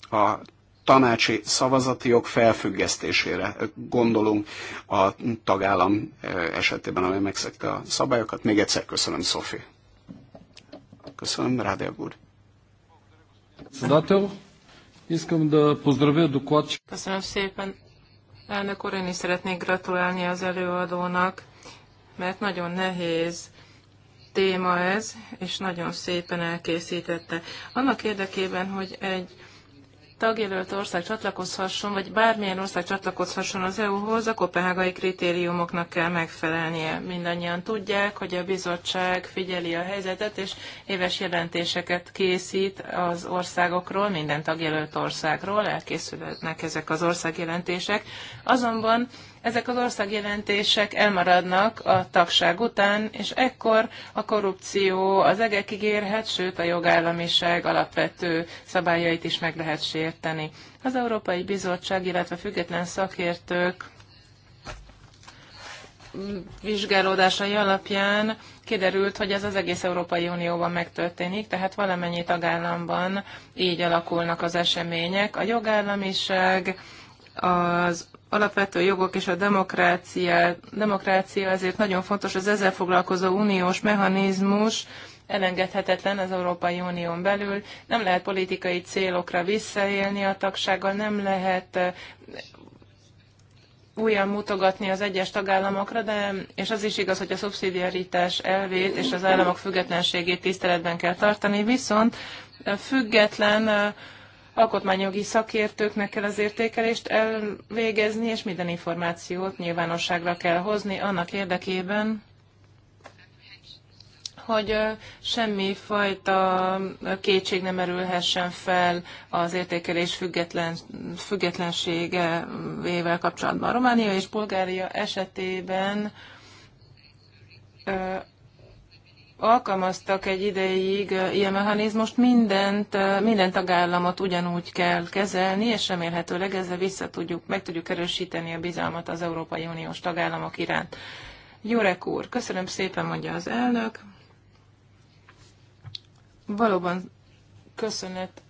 a tanácsi szavazati jog felfüggesztésére gondolunk a tagállam esetében, amely megszegte a szabályokat. Még egyszer köszönöm, Sophie. Köszönöm, Rádia úr. Köszönöm szépen. Elnök úr, én is szeretnék gratulálni az előadónak, mert nagyon nehéz téma ez, és nagyon szépen elkészítette. Annak érdekében, hogy egy tagjelölt ország csatlakozhasson, vagy bármilyen ország csatlakozhasson az EU-hoz, a kopenhágai kritériumoknak kell megfelelnie. Mindannyian tudják, hogy a bizottság figyeli a helyzetet, és éves jelentéseket készít az országokról, minden tagjelölt országról, elkészülnek ezek az országjelentések. Azonban ezek az országjelentések elmaradnak a tagság után, és ekkor a korrupció az egekig érhet, sőt a jogállamiság alapvető szabályait is meg lehet sérteni. Az Európai Bizottság, illetve független szakértők vizsgálódásai alapján kiderült, hogy ez az egész Európai Unióban megtörténik, tehát valamennyi tagállamban így alakulnak az események. A jogállamiság, az alapvető jogok és a demokrácia, demokrácia ezért nagyon fontos az ezzel foglalkozó uniós mechanizmus, elengedhetetlen az Európai Unión belül, nem lehet politikai célokra visszaélni a tagsággal, nem lehet eh, újan mutogatni az egyes tagállamokra, de, és az is igaz, hogy a szubszidiaritás elvét és az államok függetlenségét tiszteletben kell tartani, viszont eh, független eh, alkotmányjogi szakértőknek kell az értékelést elvégezni, és minden információt nyilvánosságra kell hozni annak érdekében, hogy semmi fajta kétség nem erülhessen fel az értékelés független, függetlenségevel kapcsolatban. Románia és Bulgária esetében alkalmaztak egy ideig ilyen mechanizmust, mindent, minden tagállamot ugyanúgy kell kezelni, és remélhetőleg ezzel vissza tudjuk, meg tudjuk erősíteni a bizalmat az Európai Uniós tagállamok iránt. Jurek úr, köszönöm szépen, mondja az elnök. Valóban köszönet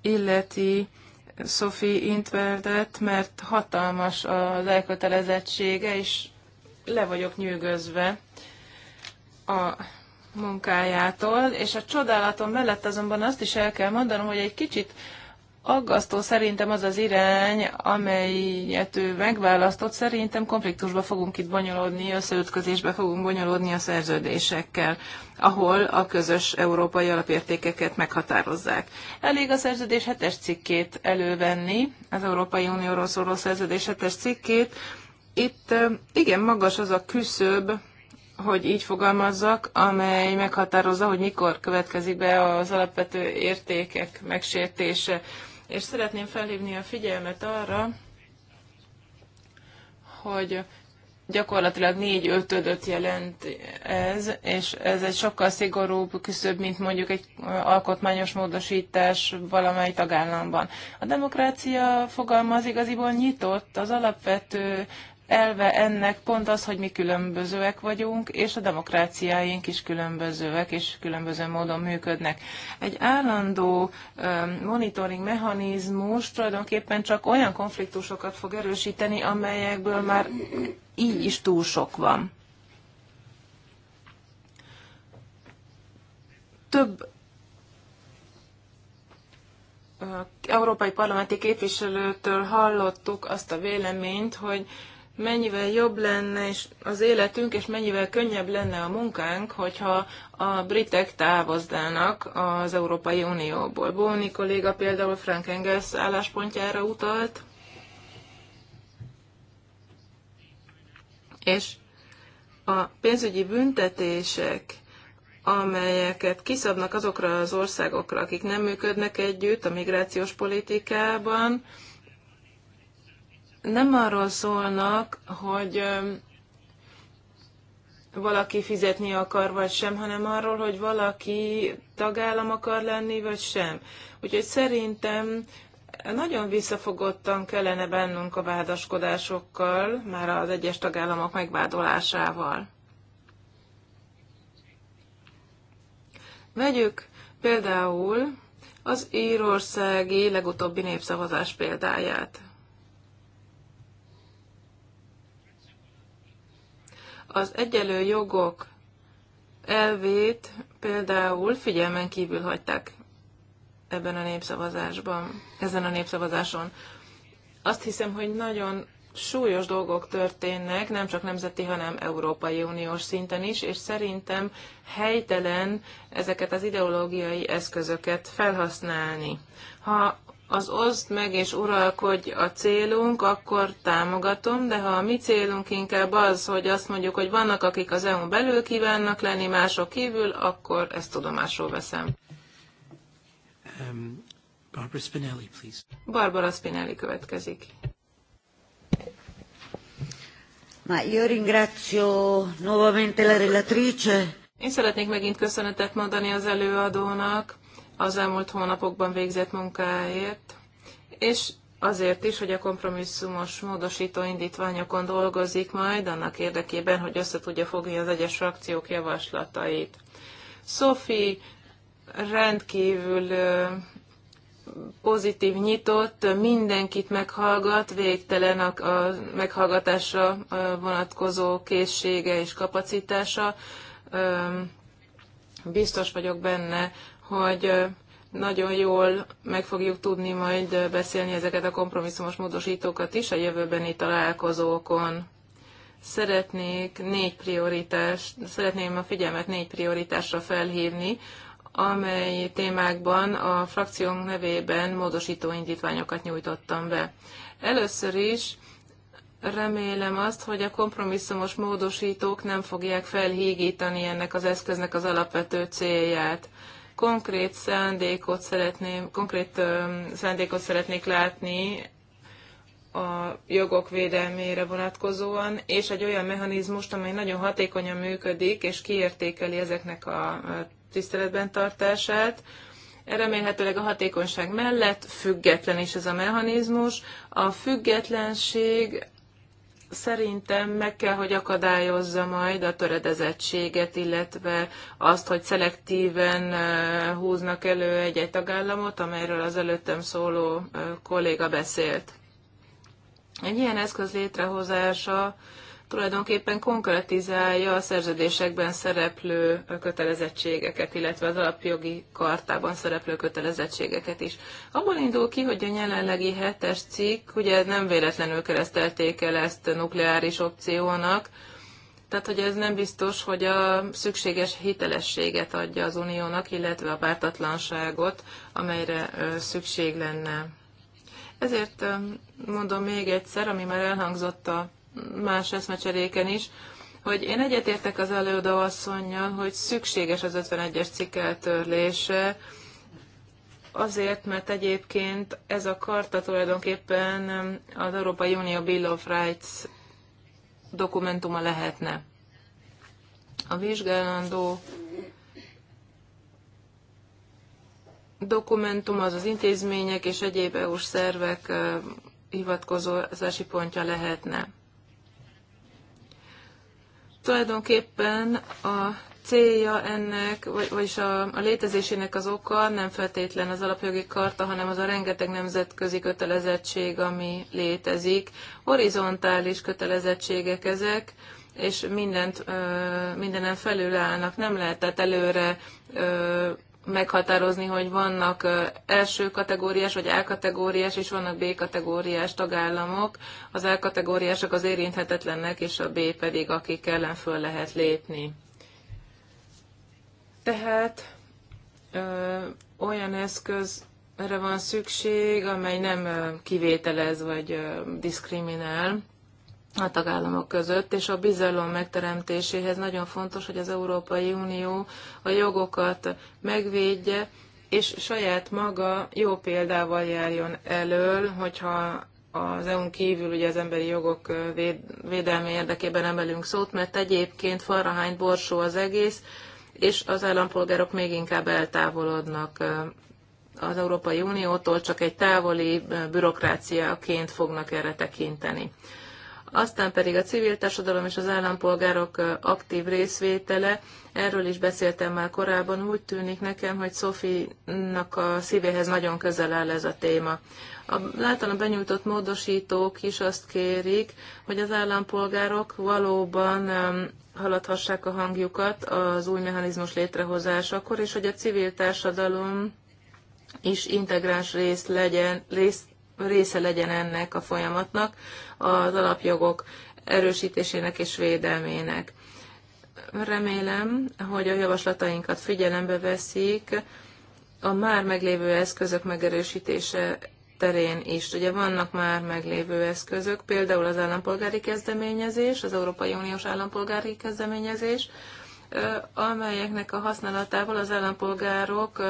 illeti Sophie Intveldet, mert hatalmas az elkötelezettsége, és le vagyok nyűgözve a munkájától, és a csodálatom mellett azonban azt is el kell mondanom, hogy egy kicsit aggasztó szerintem az az irány, amelyet ő megválasztott. Szerintem konfliktusba fogunk itt bonyolódni, összeütközésbe fogunk bonyolódni a szerződésekkel, ahol a közös európai alapértékeket meghatározzák. Elég a szerződés hetes cikkét elővenni, az Európai Unióról szóló szerződés hetes cikkét. Itt igen magas az a küszöb, hogy így fogalmazzak, amely meghatározza, hogy mikor következik be az alapvető értékek megsértése. És szeretném felhívni a figyelmet arra, hogy gyakorlatilag négy ötödöt jelent ez, és ez egy sokkal szigorúbb küszöbb, mint mondjuk egy alkotmányos módosítás valamely tagállamban. A demokrácia fogalma az igaziból nyitott, az alapvető elve ennek pont az, hogy mi különbözőek vagyunk, és a demokráciáink is különbözőek, és különböző módon működnek. Egy állandó monitoring mechanizmus tulajdonképpen csak olyan konfliktusokat fog erősíteni, amelyekből már így is túl sok van. Több európai parlamenti képviselőtől hallottuk azt a véleményt, hogy mennyivel jobb lenne és az életünk, és mennyivel könnyebb lenne a munkánk, hogyha a britek távoznának az Európai Unióból. Bóni kolléga például Frank Engels álláspontjára utalt, és a pénzügyi büntetések amelyeket kiszabnak azokra az országokra, akik nem működnek együtt a migrációs politikában, nem arról szólnak, hogy valaki fizetni akar vagy sem, hanem arról, hogy valaki tagállam akar lenni vagy sem. Úgyhogy szerintem nagyon visszafogottan kellene bennünk a vádaskodásokkal, már az egyes tagállamok megvádolásával. Vegyük például az írországi legutóbbi népszavazás példáját. az egyenlő jogok elvét például figyelmen kívül hagyták ebben a népszavazásban, ezen a népszavazáson. Azt hiszem, hogy nagyon súlyos dolgok történnek, nem csak nemzeti, hanem Európai Uniós szinten is, és szerintem helytelen ezeket az ideológiai eszközöket felhasználni. Ha az oszd meg és uralkodj a célunk, akkor támogatom, de ha a mi célunk inkább az, hogy azt mondjuk, hogy vannak, akik az EU-n belül kívánnak lenni, mások kívül, akkor ezt tudomásról veszem. Um, Barbara Spinelli, please. Barbara Spinelli következik. Ma io ringrazio nuovamente la relatrice. Én szeretnék megint köszönetet mondani az előadónak az elmúlt hónapokban végzett munkáért, és azért is, hogy a kompromisszumos módosító indítványokon dolgozik majd, annak érdekében, hogy össze tudja fogni az egyes frakciók javaslatait. Sophie rendkívül pozitív, nyitott, mindenkit meghallgat, végtelen a, a meghallgatásra vonatkozó készsége és kapacitása. Biztos vagyok benne, hogy nagyon jól meg fogjuk tudni majd beszélni ezeket a kompromisszumos módosítókat is a jövőbeni találkozókon. Szeretnék négy prioritás, szeretném a figyelmet négy prioritásra felhívni, amely témákban a frakciónk nevében módosító indítványokat nyújtottam be. Először is remélem azt, hogy a kompromisszumos módosítók nem fogják felhígítani ennek az eszköznek az alapvető célját konkrét szándékot szeretném, konkrét szándékot szeretnék látni a jogok védelmére vonatkozóan, és egy olyan mechanizmust, amely nagyon hatékonyan működik, és kiértékeli ezeknek a tiszteletben tartását. Remélhetőleg a hatékonyság mellett független is ez a mechanizmus. A függetlenség szerintem meg kell, hogy akadályozza majd a töredezettséget, illetve azt, hogy szelektíven húznak elő egy-egy tagállamot, amelyről az előttem szóló kolléga beszélt. Egy ilyen eszköz létrehozása tulajdonképpen konkretizálja a szerződésekben szereplő kötelezettségeket, illetve az alapjogi kartában szereplő kötelezettségeket is. Abból indul ki, hogy a jelenlegi hetes cikk, ugye nem véletlenül keresztelték el ezt nukleáris opciónak, tehát, hogy ez nem biztos, hogy a szükséges hitelességet adja az uniónak, illetve a pártatlanságot, amelyre szükség lenne. Ezért mondom még egyszer, ami már elhangzott a más eszmecseréken is, hogy én egyetértek az előadó asszonyjal, hogy szükséges az 51-es cikk eltörlése, azért, mert egyébként ez a karta tulajdonképpen az Európai Unió Bill of Rights dokumentuma lehetne. A vizsgálandó dokumentum az az intézmények és egyéb EU-s szervek hivatkozási pontja lehetne. Tulajdonképpen a célja ennek, vagy, vagyis a, a létezésének az oka nem feltétlen az alapjogi karta, hanem az a rengeteg nemzetközi kötelezettség, ami létezik. Horizontális kötelezettségek ezek, és mindent, ö, mindenen felül állnak. Nem lehet tehát előre ö, meghatározni, hogy vannak első kategóriás vagy A-kategóriás, és vannak B-kategóriás tagállamok. Az A-kategóriások az érinthetetlennek, és a B pedig, akik ellen föl lehet lépni. Tehát ö, olyan eszközre van szükség, amely nem kivételez vagy diszkriminál a tagállamok között, és a bizalom megteremtéséhez nagyon fontos, hogy az Európai Unió a jogokat megvédje, és saját maga jó példával járjon elől, hogyha az EU-n kívül ugye az emberi jogok védelme érdekében emelünk szót, mert egyébként farrahány borsó az egész, és az állampolgárok még inkább eltávolodnak az Európai Uniótól, csak egy távoli bürokráciaként fognak erre tekinteni. Aztán pedig a civil társadalom és az állampolgárok aktív részvétele, erről is beszéltem már korábban, úgy tűnik nekem, hogy Szofinak a szívéhez nagyon közel áll ez a téma. A általán benyújtott módosítók is azt kérik, hogy az állampolgárok valóban haladhassák a hangjukat az új mechanizmus létrehozásakor, és hogy a civil társadalom is integráns rész legyen, rész, része legyen ennek a folyamatnak, az alapjogok erősítésének és védelmének. Remélem, hogy a javaslatainkat figyelembe veszik a már meglévő eszközök megerősítése terén is. Ugye vannak már meglévő eszközök, például az állampolgári kezdeményezés, az Európai Uniós állampolgári kezdeményezés, amelyeknek a használatával az állampolgárok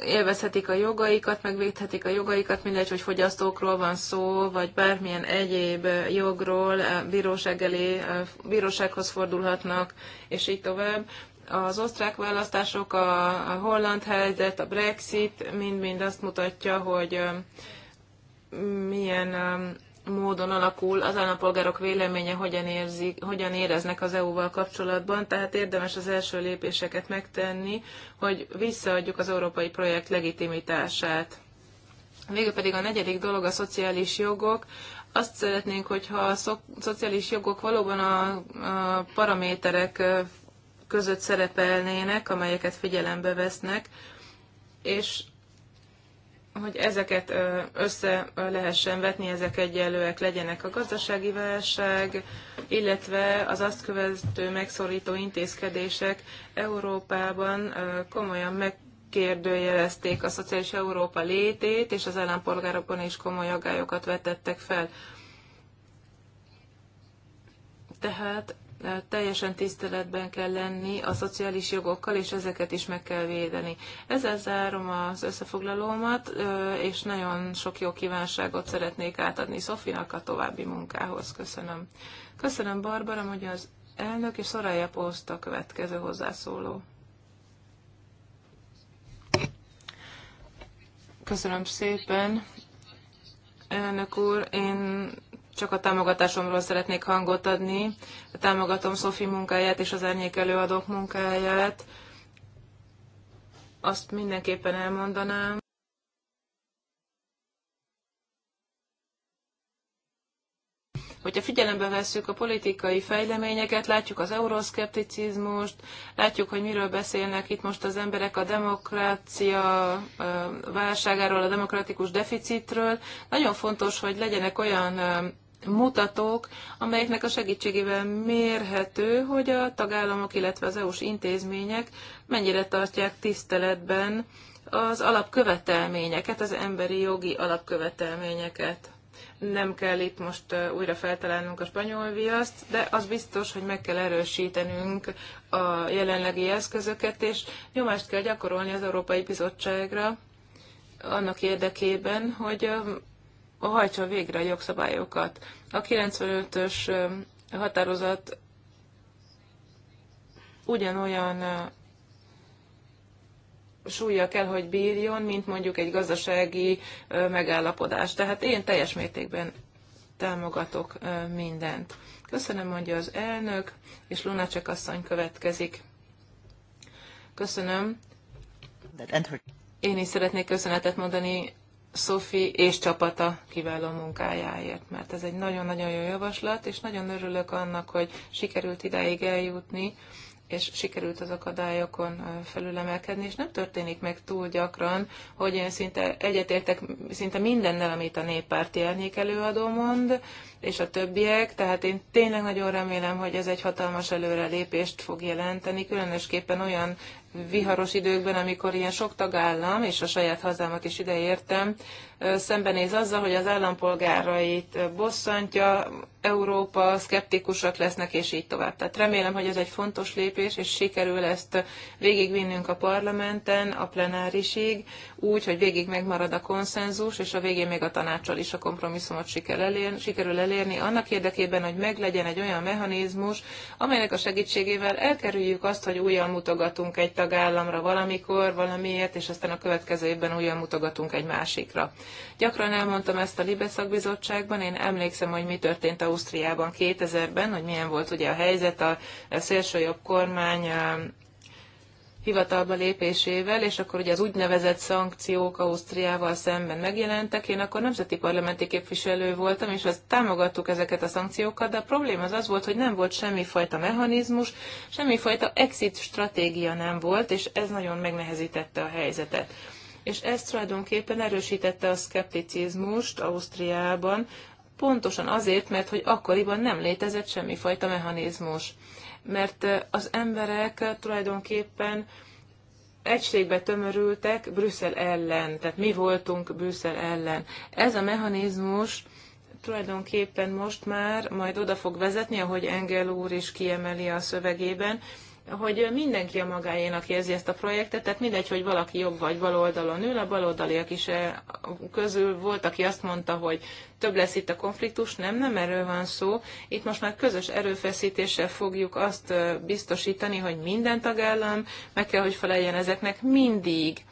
élvezhetik a jogaikat, megvédhetik a jogaikat, mindegy, hogy fogyasztókról van szó, vagy bármilyen egyéb jogról, bíróság elé, bírósághoz fordulhatnak, és így tovább. Az osztrák választások, a holland helyzet, a Brexit mind-mind azt mutatja, hogy milyen módon alakul az állampolgárok véleménye, hogyan, érzik, hogyan éreznek az EU-val kapcsolatban, tehát érdemes az első lépéseket megtenni, hogy visszaadjuk az európai projekt legitimitását. Végül pedig a negyedik dolog a szociális jogok. Azt szeretnénk, hogyha a szociális jogok valóban a, a paraméterek között szerepelnének, amelyeket figyelembe vesznek, és hogy ezeket össze lehessen vetni, ezek egyenlőek legyenek a gazdasági válság, illetve az azt követő megszorító intézkedések Európában komolyan meg kérdőjelezték a szociális Európa létét, és az állampolgárokon is komoly agályokat vetettek fel. Tehát teljesen tiszteletben kell lenni a szociális jogokkal, és ezeket is meg kell védeni. Ezzel zárom az összefoglalómat, és nagyon sok jó kívánságot szeretnék átadni Szofinak a további munkához. Köszönöm. Köszönöm, Barbara, hogy az elnök és Soraya Post a következő hozzászóló. Köszönöm szépen. Elnök úr, én csak a támogatásomról szeretnék hangot adni. Támogatom Szofi munkáját és az árnyék előadók munkáját. Azt mindenképpen elmondanám. Hogyha figyelembe vesszük a politikai fejleményeket, látjuk az euroszkepticizmust, látjuk, hogy miről beszélnek itt most az emberek a demokrácia válságáról, a demokratikus deficitről. Nagyon fontos, hogy legyenek olyan mutatók, amelyeknek a segítségével mérhető, hogy a tagállamok, illetve az EU-s intézmények mennyire tartják tiszteletben az alapkövetelményeket, az emberi jogi alapkövetelményeket. Nem kell itt most újra feltalálnunk a spanyol viaszt, de az biztos, hogy meg kell erősítenünk a jelenlegi eszközöket, és nyomást kell gyakorolni az Európai Bizottságra annak érdekében, hogy hajtsa végre a jogszabályokat. A 95-ös határozat ugyanolyan súlya kell, hogy bírjon, mint mondjuk egy gazdasági megállapodás. Tehát én teljes mértékben támogatok mindent. Köszönöm, mondja az elnök, és Lunacek asszony következik. Köszönöm. Én is szeretnék köszönetet mondani Szofi és csapata kiváló munkájáért, mert ez egy nagyon-nagyon jó javaslat, és nagyon örülök annak, hogy sikerült idáig eljutni, és sikerült az akadályokon felülemelkedni, és nem történik meg túl gyakran, hogy én szinte egyetértek szinte mindennel, amit a néppárti elnék előadó mond, és a többiek, tehát én tényleg nagyon remélem, hogy ez egy hatalmas előrelépést fog jelenteni, különösképpen olyan viharos időkben, amikor ilyen sok tagállam, és a saját hazámat is ideértem, szembenéz azzal, hogy az állampolgárait bosszantja, Európa szkeptikusak lesznek, és így tovább. Tehát remélem, hogy ez egy fontos lépés, és sikerül ezt végigvinnünk a parlamenten, a plenárisig, úgy, hogy végig megmarad a konszenzus, és a végén még a tanácsal is a kompromisszumot sikerül elérni, elérni annak érdekében, hogy meglegyen egy olyan mechanizmus, amelynek a segítségével elkerüljük azt, hogy újra mutogatunk egy tagállamra valamikor, valamiért, és aztán a következő évben újra mutogatunk egy másikra. Gyakran elmondtam ezt a Libe szakbizottságban, én emlékszem, hogy mi történt Ausztriában 2000-ben, hogy milyen volt ugye a helyzet, a szélsőjobb kormány hivatalba lépésével, és akkor ugye az úgynevezett szankciók Ausztriával szemben megjelentek. Én akkor nemzeti parlamenti képviselő voltam, és azt támogattuk ezeket a szankciókat, de a probléma az az volt, hogy nem volt semmifajta mechanizmus, semmifajta exit stratégia nem volt, és ez nagyon megnehezítette a helyzetet. És ez tulajdonképpen erősítette a szkepticizmust Ausztriában, pontosan azért, mert hogy akkoriban nem létezett semmifajta mechanizmus mert az emberek tulajdonképpen egységbe tömörültek Brüsszel ellen, tehát mi voltunk Brüsszel ellen. Ez a mechanizmus tulajdonképpen most már majd oda fog vezetni, ahogy Engel úr is kiemeli a szövegében, hogy mindenki a magáénak érzi ezt a projektet, tehát mindegy, hogy valaki jobb vagy bal oldalon ül, a bal oldaliak is eh, közül volt, aki azt mondta, hogy több lesz itt a konfliktus, nem, nem erről van szó. Itt most már közös erőfeszítéssel fogjuk azt eh, biztosítani, hogy minden tagállam meg kell, hogy feleljen ezeknek mindig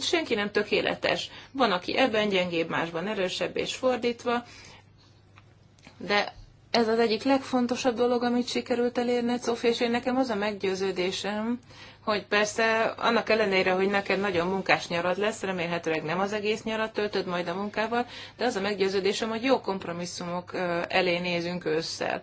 senki nem tökéletes. Van, aki ebben gyengébb, másban erősebb és fordítva, de ez az egyik legfontosabb dolog, amit sikerült elérned, Szófia, és én nekem az a meggyőződésem, hogy persze annak ellenére, hogy neked nagyon munkás nyarad lesz, remélhetőleg nem az egész nyarat töltöd majd a munkával, de az a meggyőződésem, hogy jó kompromisszumok elé nézünk össze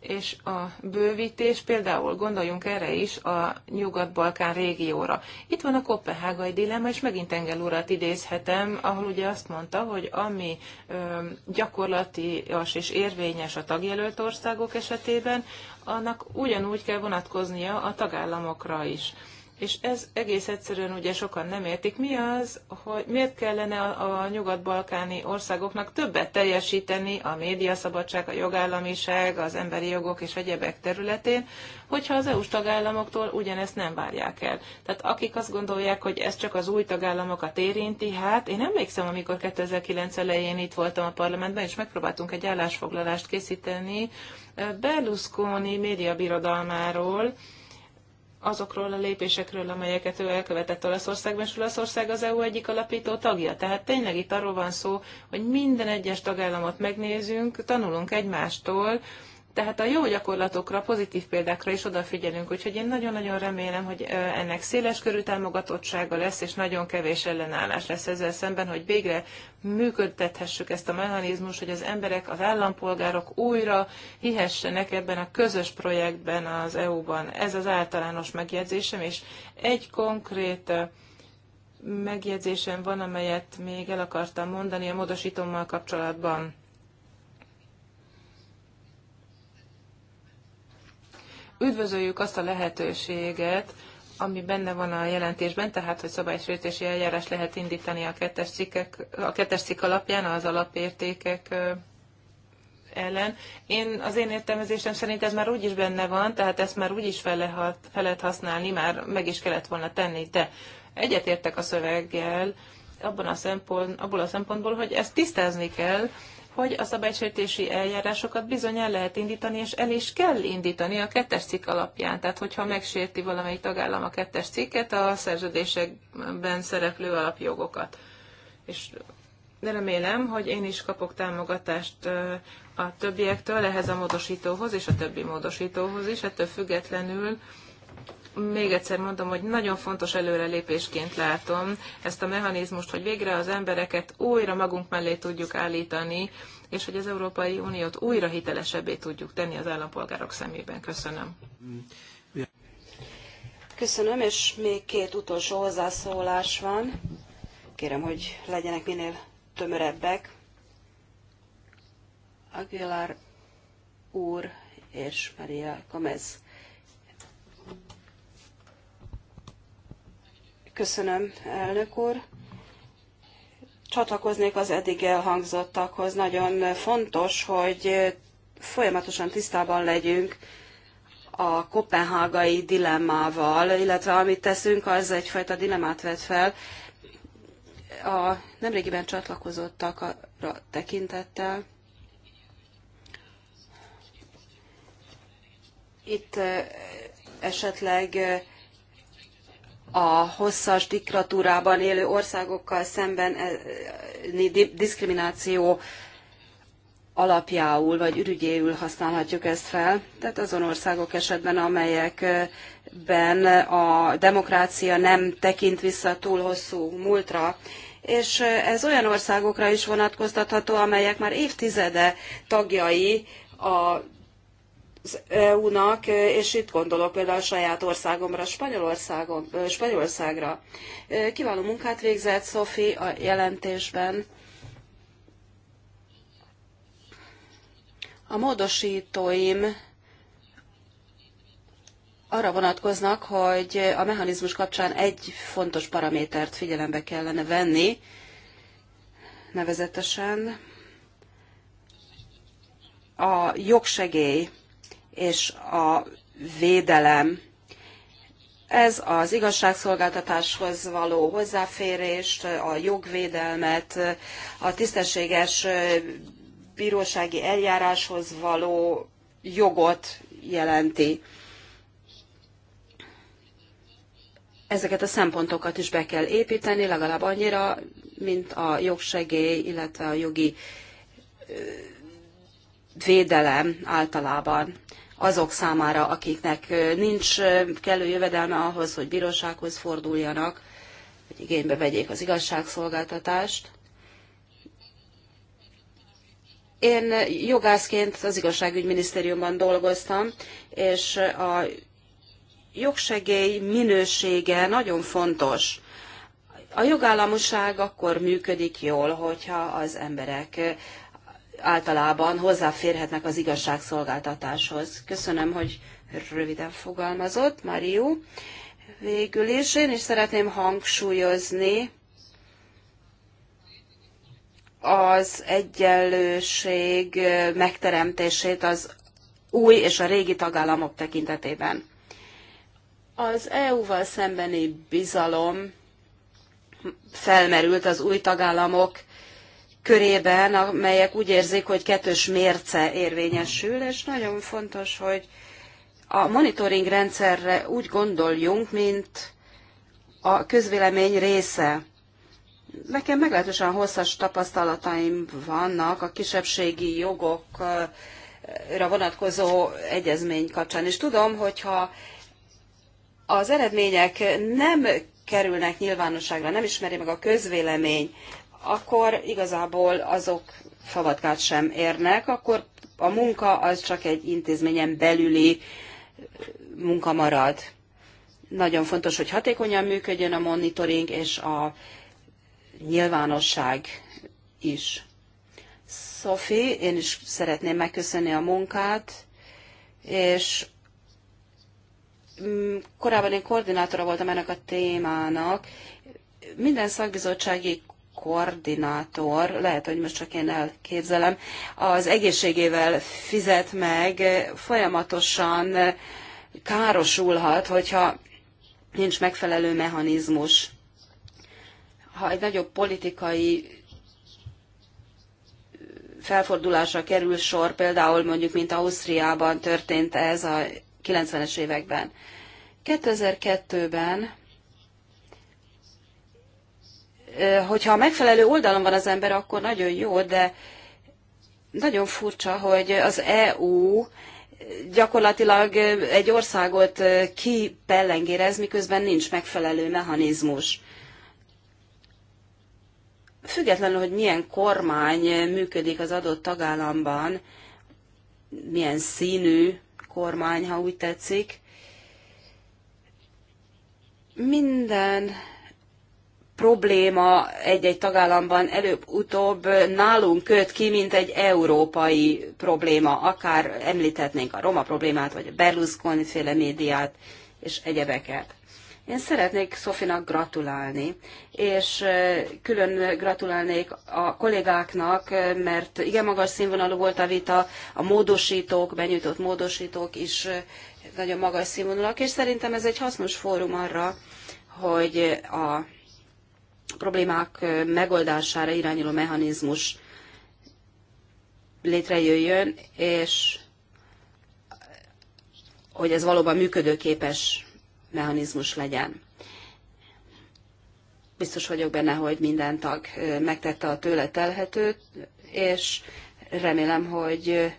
és a bővítés, például gondoljunk erre is a Nyugat-Balkán régióra. Itt van a kopenhágai dilemma, és megint Engel urat idézhetem, ahol ugye azt mondta, hogy ami gyakorlati gyakorlatias és érvényes a tagjelölt országok esetében, annak ugyanúgy kell vonatkoznia a tagállamokra is és ez egész egyszerűen ugye sokan nem értik, mi az, hogy miért kellene a, a nyugat-balkáni országoknak többet teljesíteni a médiaszabadság, a jogállamiság, az emberi jogok és egyebek területén, hogyha az EU-s tagállamoktól ugyanezt nem várják el. Tehát akik azt gondolják, hogy ez csak az új tagállamokat érinti, hát én emlékszem, amikor 2009 elején itt voltam a parlamentben, és megpróbáltunk egy állásfoglalást készíteni eh, Berlusconi médiabirodalmáról, azokról a lépésekről, amelyeket ő elkövetett Olaszországban, és Olaszország az EU egyik alapító tagja. Tehát tényleg itt arról van szó, hogy minden egyes tagállamot megnézünk, tanulunk egymástól, tehát a jó gyakorlatokra, pozitív példákra is odafigyelünk, úgyhogy én nagyon-nagyon remélem, hogy ennek széles körű támogatottsága lesz, és nagyon kevés ellenállás lesz ezzel szemben, hogy végre működtethessük ezt a mechanizmus, hogy az emberek, az állampolgárok újra hihessenek ebben a közös projektben az EU-ban. Ez az általános megjegyzésem, és egy konkrét megjegyzésem van, amelyet még el akartam mondani a módosítommal kapcsolatban üdvözöljük azt a lehetőséget, ami benne van a jelentésben, tehát hogy szabálysértési eljárás lehet indítani a kettes, cikkek, a kettes cikk alapján az alapértékek ellen. Én, az én értelmezésem szerint ez már úgy is benne van, tehát ezt már úgy is fel lehet, használni, már meg is kellett volna tenni, de egyetértek a szöveggel, abban a szempont, abból a szempontból, hogy ezt tisztázni kell, hogy a szabálysértési eljárásokat bizony el lehet indítani, és el is kell indítani a kettes cikk alapján. Tehát, hogyha megsérti valamelyik tagállam a kettes cikket, a szerződésekben szereplő alapjogokat. És remélem, hogy én is kapok támogatást a többiektől ehhez a módosítóhoz és a többi módosítóhoz is, ettől függetlenül még egyszer mondom, hogy nagyon fontos előrelépésként látom ezt a mechanizmust, hogy végre az embereket újra magunk mellé tudjuk állítani, és hogy az Európai Uniót újra hitelesebbé tudjuk tenni az állampolgárok szemében. Köszönöm. Köszönöm, és még két utolsó hozzászólás van. Kérem, hogy legyenek minél tömörebbek. Aguilar úr és Maria Gomez Köszönöm, elnök úr. Csatlakoznék az eddig elhangzottakhoz. Nagyon fontos, hogy folyamatosan tisztában legyünk a kopenhágai dilemmával, illetve amit teszünk, az egyfajta dilemmát vet fel. A nemrégiben csatlakozottakra tekintettel. Itt esetleg a hosszas diktatúrában élő országokkal szemben eh, eh, diszkrimináció alapjául vagy ürügyéül használhatjuk ezt fel. Tehát azon országok esetben, amelyekben a demokrácia nem tekint vissza túl hosszú múltra, és eh, ez olyan országokra is vonatkoztatható, amelyek már évtizede tagjai a EU-nak, és itt gondolok például a saját országomra, Spanyolországom, Spanyolországra. Kiváló munkát végzett Szofi a jelentésben. A módosítóim arra vonatkoznak, hogy a mechanizmus kapcsán egy fontos paramétert figyelembe kellene venni, nevezetesen a jogsegély és a védelem. Ez az igazságszolgáltatáshoz való hozzáférést, a jogvédelmet, a tisztességes bírósági eljáráshoz való jogot jelenti. Ezeket a szempontokat is be kell építeni, legalább annyira, mint a jogsegély, illetve a jogi védelem általában azok számára, akiknek nincs kellő jövedelme ahhoz, hogy bírósághoz forduljanak, hogy igénybe vegyék az igazságszolgáltatást. Én jogászként az igazságügyminisztériumban dolgoztam, és a jogsegély minősége nagyon fontos. A jogállamoság akkor működik jól, hogyha az emberek általában hozzáférhetnek az igazságszolgáltatáshoz. Köszönöm, hogy röviden fogalmazott, Mariu. Végül is én is szeretném hangsúlyozni az egyenlőség megteremtését az új és a régi tagállamok tekintetében. Az EU-val szembeni bizalom felmerült az új tagállamok körében, amelyek úgy érzik, hogy kettős mérce érvényesül, és nagyon fontos, hogy a monitoring rendszerre úgy gondoljunk, mint a közvélemény része. Nekem meglehetősen hosszas tapasztalataim vannak a kisebbségi jogokra vonatkozó egyezmény kapcsán, és tudom, hogyha az eredmények nem kerülnek nyilvánosságra, nem ismeri meg a közvélemény, akkor igazából azok savatkát sem érnek, akkor a munka az csak egy intézményen belüli munka marad. Nagyon fontos, hogy hatékonyan működjön a monitoring és a nyilvánosság is. Szofi, én is szeretném megköszönni a munkát, és mm, korábban én koordinátora voltam ennek a témának. Minden szakbizottsági koordinátor, lehet, hogy most csak én elképzelem, az egészségével fizet meg, folyamatosan károsulhat, hogyha nincs megfelelő mechanizmus. Ha egy nagyobb politikai felfordulásra kerül sor, például mondjuk, mint Ausztriában történt ez a 90-es években. 2002-ben hogyha a megfelelő oldalon van az ember, akkor nagyon jó, de nagyon furcsa, hogy az EU gyakorlatilag egy országot kipellengérez, miközben nincs megfelelő mechanizmus. Függetlenül, hogy milyen kormány működik az adott tagállamban, milyen színű kormány, ha úgy tetszik, minden probléma egy-egy tagállamban előbb-utóbb nálunk köt ki, mint egy európai probléma. Akár említhetnénk a roma problémát, vagy a Berlusconi féle médiát, és egyebeket. Én szeretnék Szofinak gratulálni, és külön gratulálnék a kollégáknak, mert igen magas színvonalú volt a vita, a módosítók, benyújtott módosítók is nagyon magas színvonalak, és szerintem ez egy hasznos fórum arra, hogy a problémák megoldására irányuló mechanizmus létrejöjjön, és hogy ez valóban működőképes mechanizmus legyen. Biztos vagyok benne, hogy minden tag megtette a tőle telhetőt, és remélem, hogy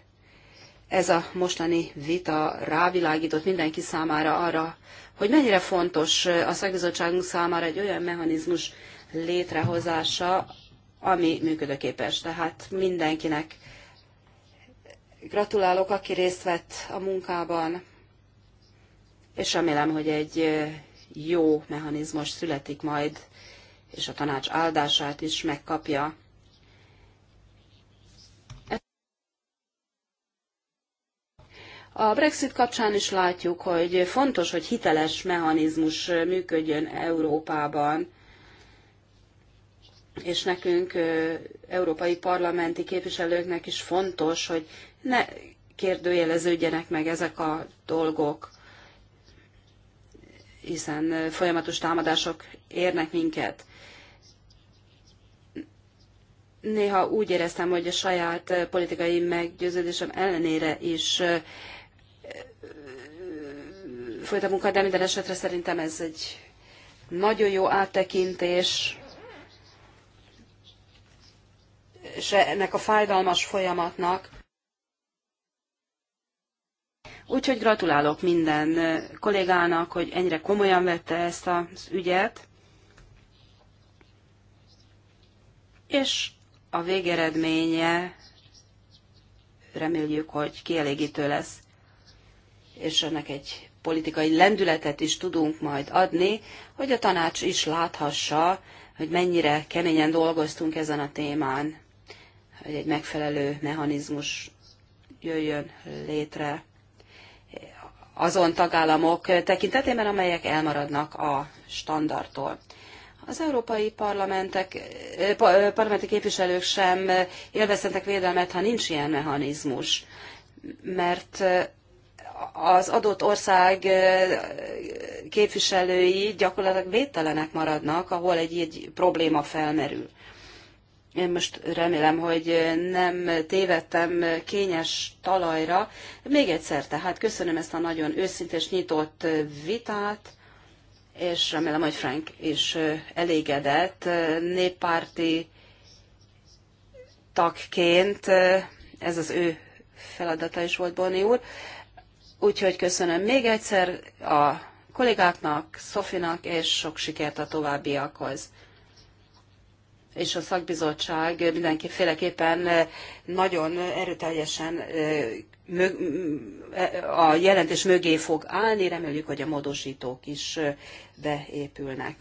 ez a mostani vita rávilágított mindenki számára arra, hogy mennyire fontos a szakbizottságunk számára egy olyan mechanizmus, létrehozása, ami működőképes. Tehát mindenkinek gratulálok, aki részt vett a munkában, és remélem, hogy egy jó mechanizmus születik majd, és a tanács áldását is megkapja. A Brexit kapcsán is látjuk, hogy fontos, hogy hiteles mechanizmus működjön Európában és nekünk, európai parlamenti képviselőknek is fontos, hogy ne kérdőjeleződjenek meg ezek a dolgok, hiszen folyamatos támadások érnek minket. Néha úgy éreztem, hogy a saját politikai meggyőződésem ellenére is folytatunk, de minden esetre szerintem ez egy nagyon jó áttekintés, és ennek a fájdalmas folyamatnak. Úgyhogy gratulálok minden kollégának, hogy ennyire komolyan vette ezt az ügyet. És a végeredménye reméljük, hogy kielégítő lesz, és ennek egy politikai lendületet is tudunk majd adni, hogy a tanács is láthassa, hogy mennyire keményen dolgoztunk ezen a témán hogy egy megfelelő mechanizmus jöjjön létre azon tagállamok tekintetében, amelyek elmaradnak a standardtól. Az európai parlamentek, eh, eh, parlamenti képviselők sem élvezhetnek védelmet, ha nincs ilyen mechanizmus, mert eh, az adott ország képviselői gyakorlatilag védtelenek maradnak, ahol egy, egy probléma felmerül. Én most remélem, hogy nem tévedtem kényes talajra. Még egyszer, tehát köszönöm ezt a nagyon őszintes, nyitott vitát, és remélem, hogy Frank is elégedett néppárti tagként. Ez az ő feladata is volt, Boni úr. Úgyhogy köszönöm még egyszer a kollégáknak, Szofinak, és sok sikert a továbbiakhoz és a szakbizottság mindenképpen nagyon erőteljesen a jelentés mögé fog állni, reméljük, hogy a módosítók is beépülnek.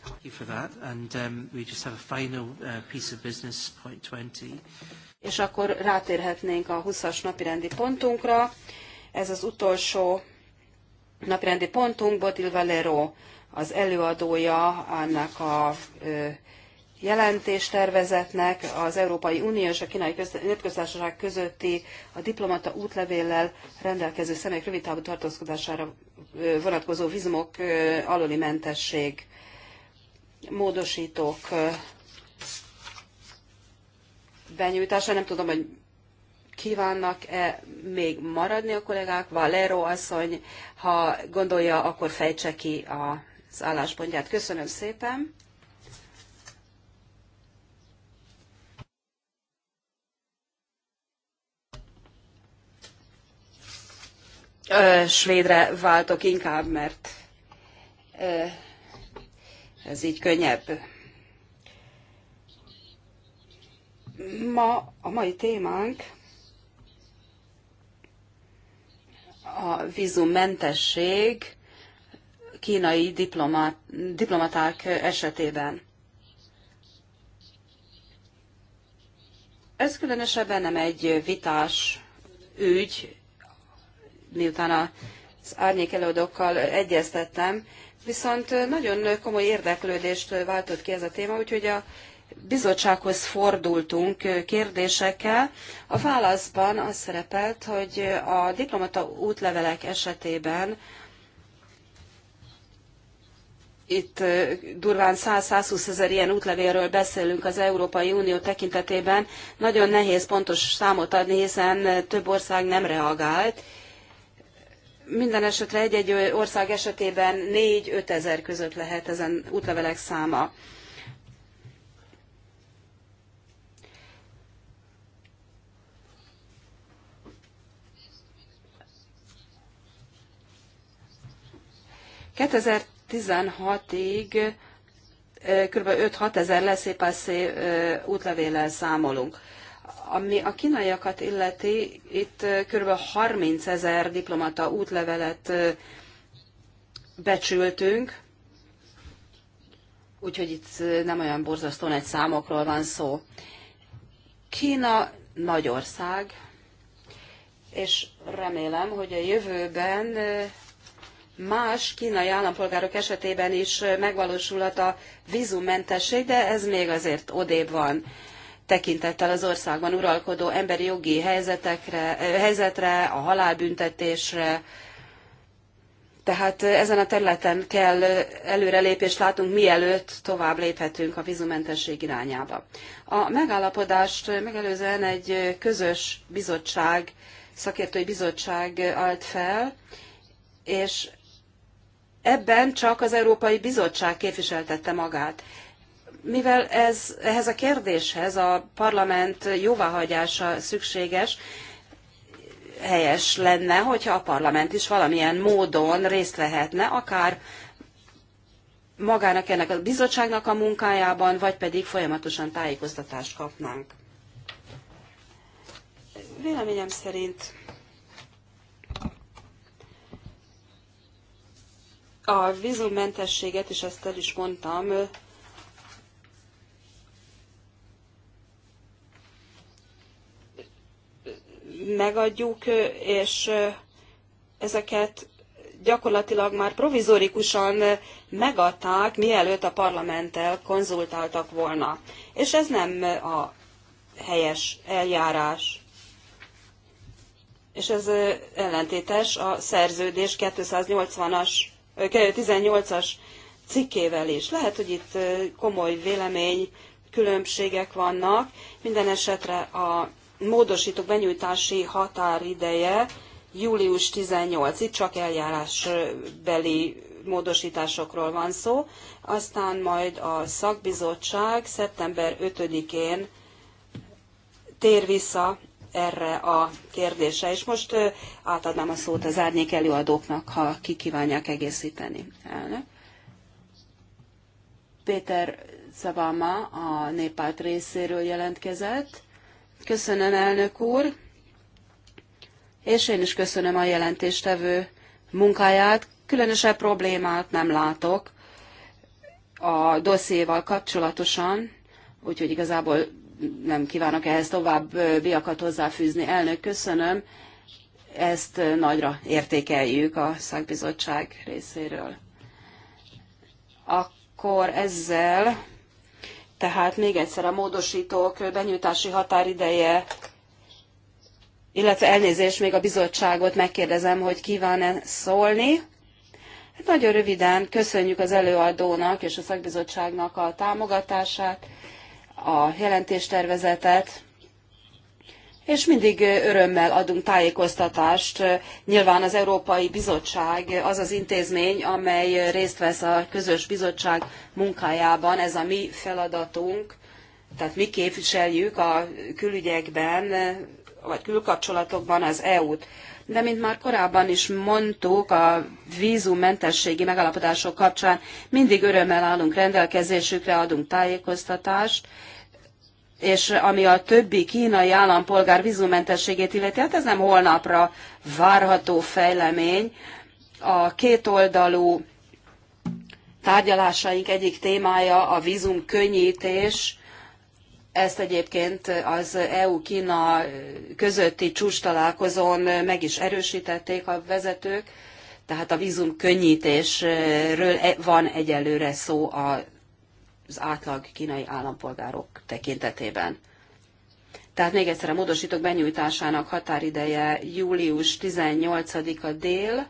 És akkor rátérhetnénk a 20-as napirendi pontunkra. Ez az utolsó napirendi pontunk, Botil Valero az előadója annak a jelentéstervezetnek az Európai Unió és a Kínai Népköztársaság közötti a diplomata útlevéllel rendelkező személyek rövid távú tartózkodására vonatkozó vizumok aluli mentesség módosítók benyújtása. Nem tudom, hogy kívánnak-e még maradni a kollégák. Valero asszony, ha gondolja, akkor fejtse ki az álláspontját. Köszönöm szépen. svédre váltok inkább, mert ez így könnyebb. Ma a mai témánk a vízummentesség kínai diplomát, diplomaták esetében. Ez különösebben nem egy vitás ügy, miután az árnyék előadókkal egyeztettem, viszont nagyon komoly érdeklődést váltott ki ez a téma, úgyhogy a bizottsághoz fordultunk kérdésekkel. A válaszban az szerepelt, hogy a diplomata útlevelek esetében itt durván 100-120 ezer ilyen útlevélről beszélünk az Európai Unió tekintetében, nagyon nehéz pontos számot adni, hiszen több ország nem reagált, minden esetre egy-egy ország esetében 4-5 ezer között lehet ezen útlevelek száma. 2016-ig kb. 5-6 ezer leszépasszé útlevéllel számolunk. Ami a kínaiakat illeti, itt kb. 30 ezer diplomata útlevelet becsültünk, úgyhogy itt nem olyan borzasztó nagy számokról van szó. Kína nagy ország, és remélem, hogy a jövőben más kínai állampolgárok esetében is megvalósulhat a vízummentesség, de ez még azért odébb van tekintettel az országban uralkodó emberi jogi helyzetekre, eh, helyzetre, a halálbüntetésre. Tehát eh, ezen a területen kell eh, előrelépést látunk, mielőtt tovább léphetünk a vízumentesség irányába. A megállapodást megelőzően egy közös bizottság, szakértői bizottság állt fel, és ebben csak az Európai Bizottság képviseltette magát mivel ez, ehhez a kérdéshez a parlament jóváhagyása szükséges, helyes lenne, hogyha a parlament is valamilyen módon részt vehetne, akár magának ennek a bizottságnak a munkájában, vagy pedig folyamatosan tájékoztatást kapnánk. Véleményem szerint a vízummentességet, és ezt el is mondtam, megadjuk, és ezeket gyakorlatilag már provizorikusan megadták, mielőtt a parlamenttel konzultáltak volna. És ez nem a helyes eljárás. És ez ellentétes a szerződés 280-as, 18-as cikkével is. Lehet, hogy itt komoly vélemény különbségek vannak. Minden esetre a módosítók benyújtási határideje július 18. Itt csak eljárásbeli módosításokról van szó. Aztán majd a szakbizottság szeptember 5-én tér vissza erre a kérdésre. És most átadnám a szót az árnyék előadóknak, ha ki kívánják egészíteni. Elnök. Péter Szavama a néppárt részéről jelentkezett. Köszönöm, elnök úr, és én is köszönöm a jelentéstevő munkáját. Különösebb problémát nem látok a dosszéval kapcsolatosan, úgyhogy igazából nem kívánok ehhez biakat hozzáfűzni. Elnök, köszönöm. Ezt nagyra értékeljük a szakbizottság részéről. Akkor ezzel tehát még egyszer a módosítók benyújtási határideje, illetve elnézés, még a bizottságot megkérdezem, hogy kíván-e szólni. Hát nagyon röviden köszönjük az előadónak és a szakbizottságnak a támogatását, a jelentéstervezetet és mindig örömmel adunk tájékoztatást. Nyilván az Európai Bizottság az az intézmény, amely részt vesz a közös bizottság munkájában, ez a mi feladatunk, tehát mi képviseljük a külügyekben, vagy külkapcsolatokban az EU-t. De mint már korábban is mondtuk, a vízummentességi megállapodások kapcsán mindig örömmel állunk rendelkezésükre, adunk tájékoztatást, és ami a többi kínai állampolgár vízumentességét illeti, hát ez nem holnapra várható fejlemény. A kétoldalú tárgyalásaink egyik témája a vízum könnyítés, ezt egyébként az EU-Kína közötti csúcstalálkozón meg is erősítették a vezetők, tehát a vízum könnyítésről e- van egyelőre szó a az átlag kínai állampolgárok tekintetében. Tehát még egyszer a módosítók benyújtásának határideje július 18-a dél,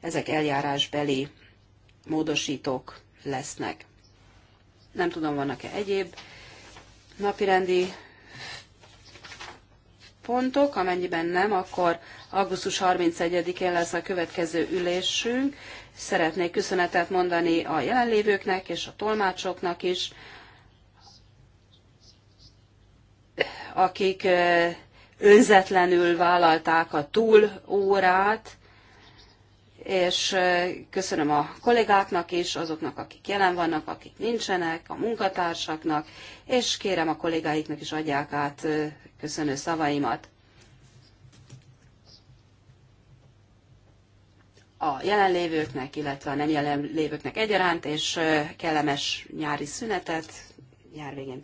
ezek eljárásbeli módosítók lesznek. Nem tudom, vannak-e egyéb napirendi pontok, amennyiben nem, akkor augusztus 31-én lesz a következő ülésünk. Szeretnék köszönetet mondani a jelenlévőknek és a tolmácsoknak is, akik önzetlenül vállalták a túlórát, és köszönöm a kollégáknak is, azoknak, akik jelen vannak, akik nincsenek, a munkatársaknak, és kérem a kollégáiknak is adják át köszönő szavaimat. a jelenlévőknek, illetve a nem jelenlévőknek egyaránt, és kellemes nyári szünetet, nyár végén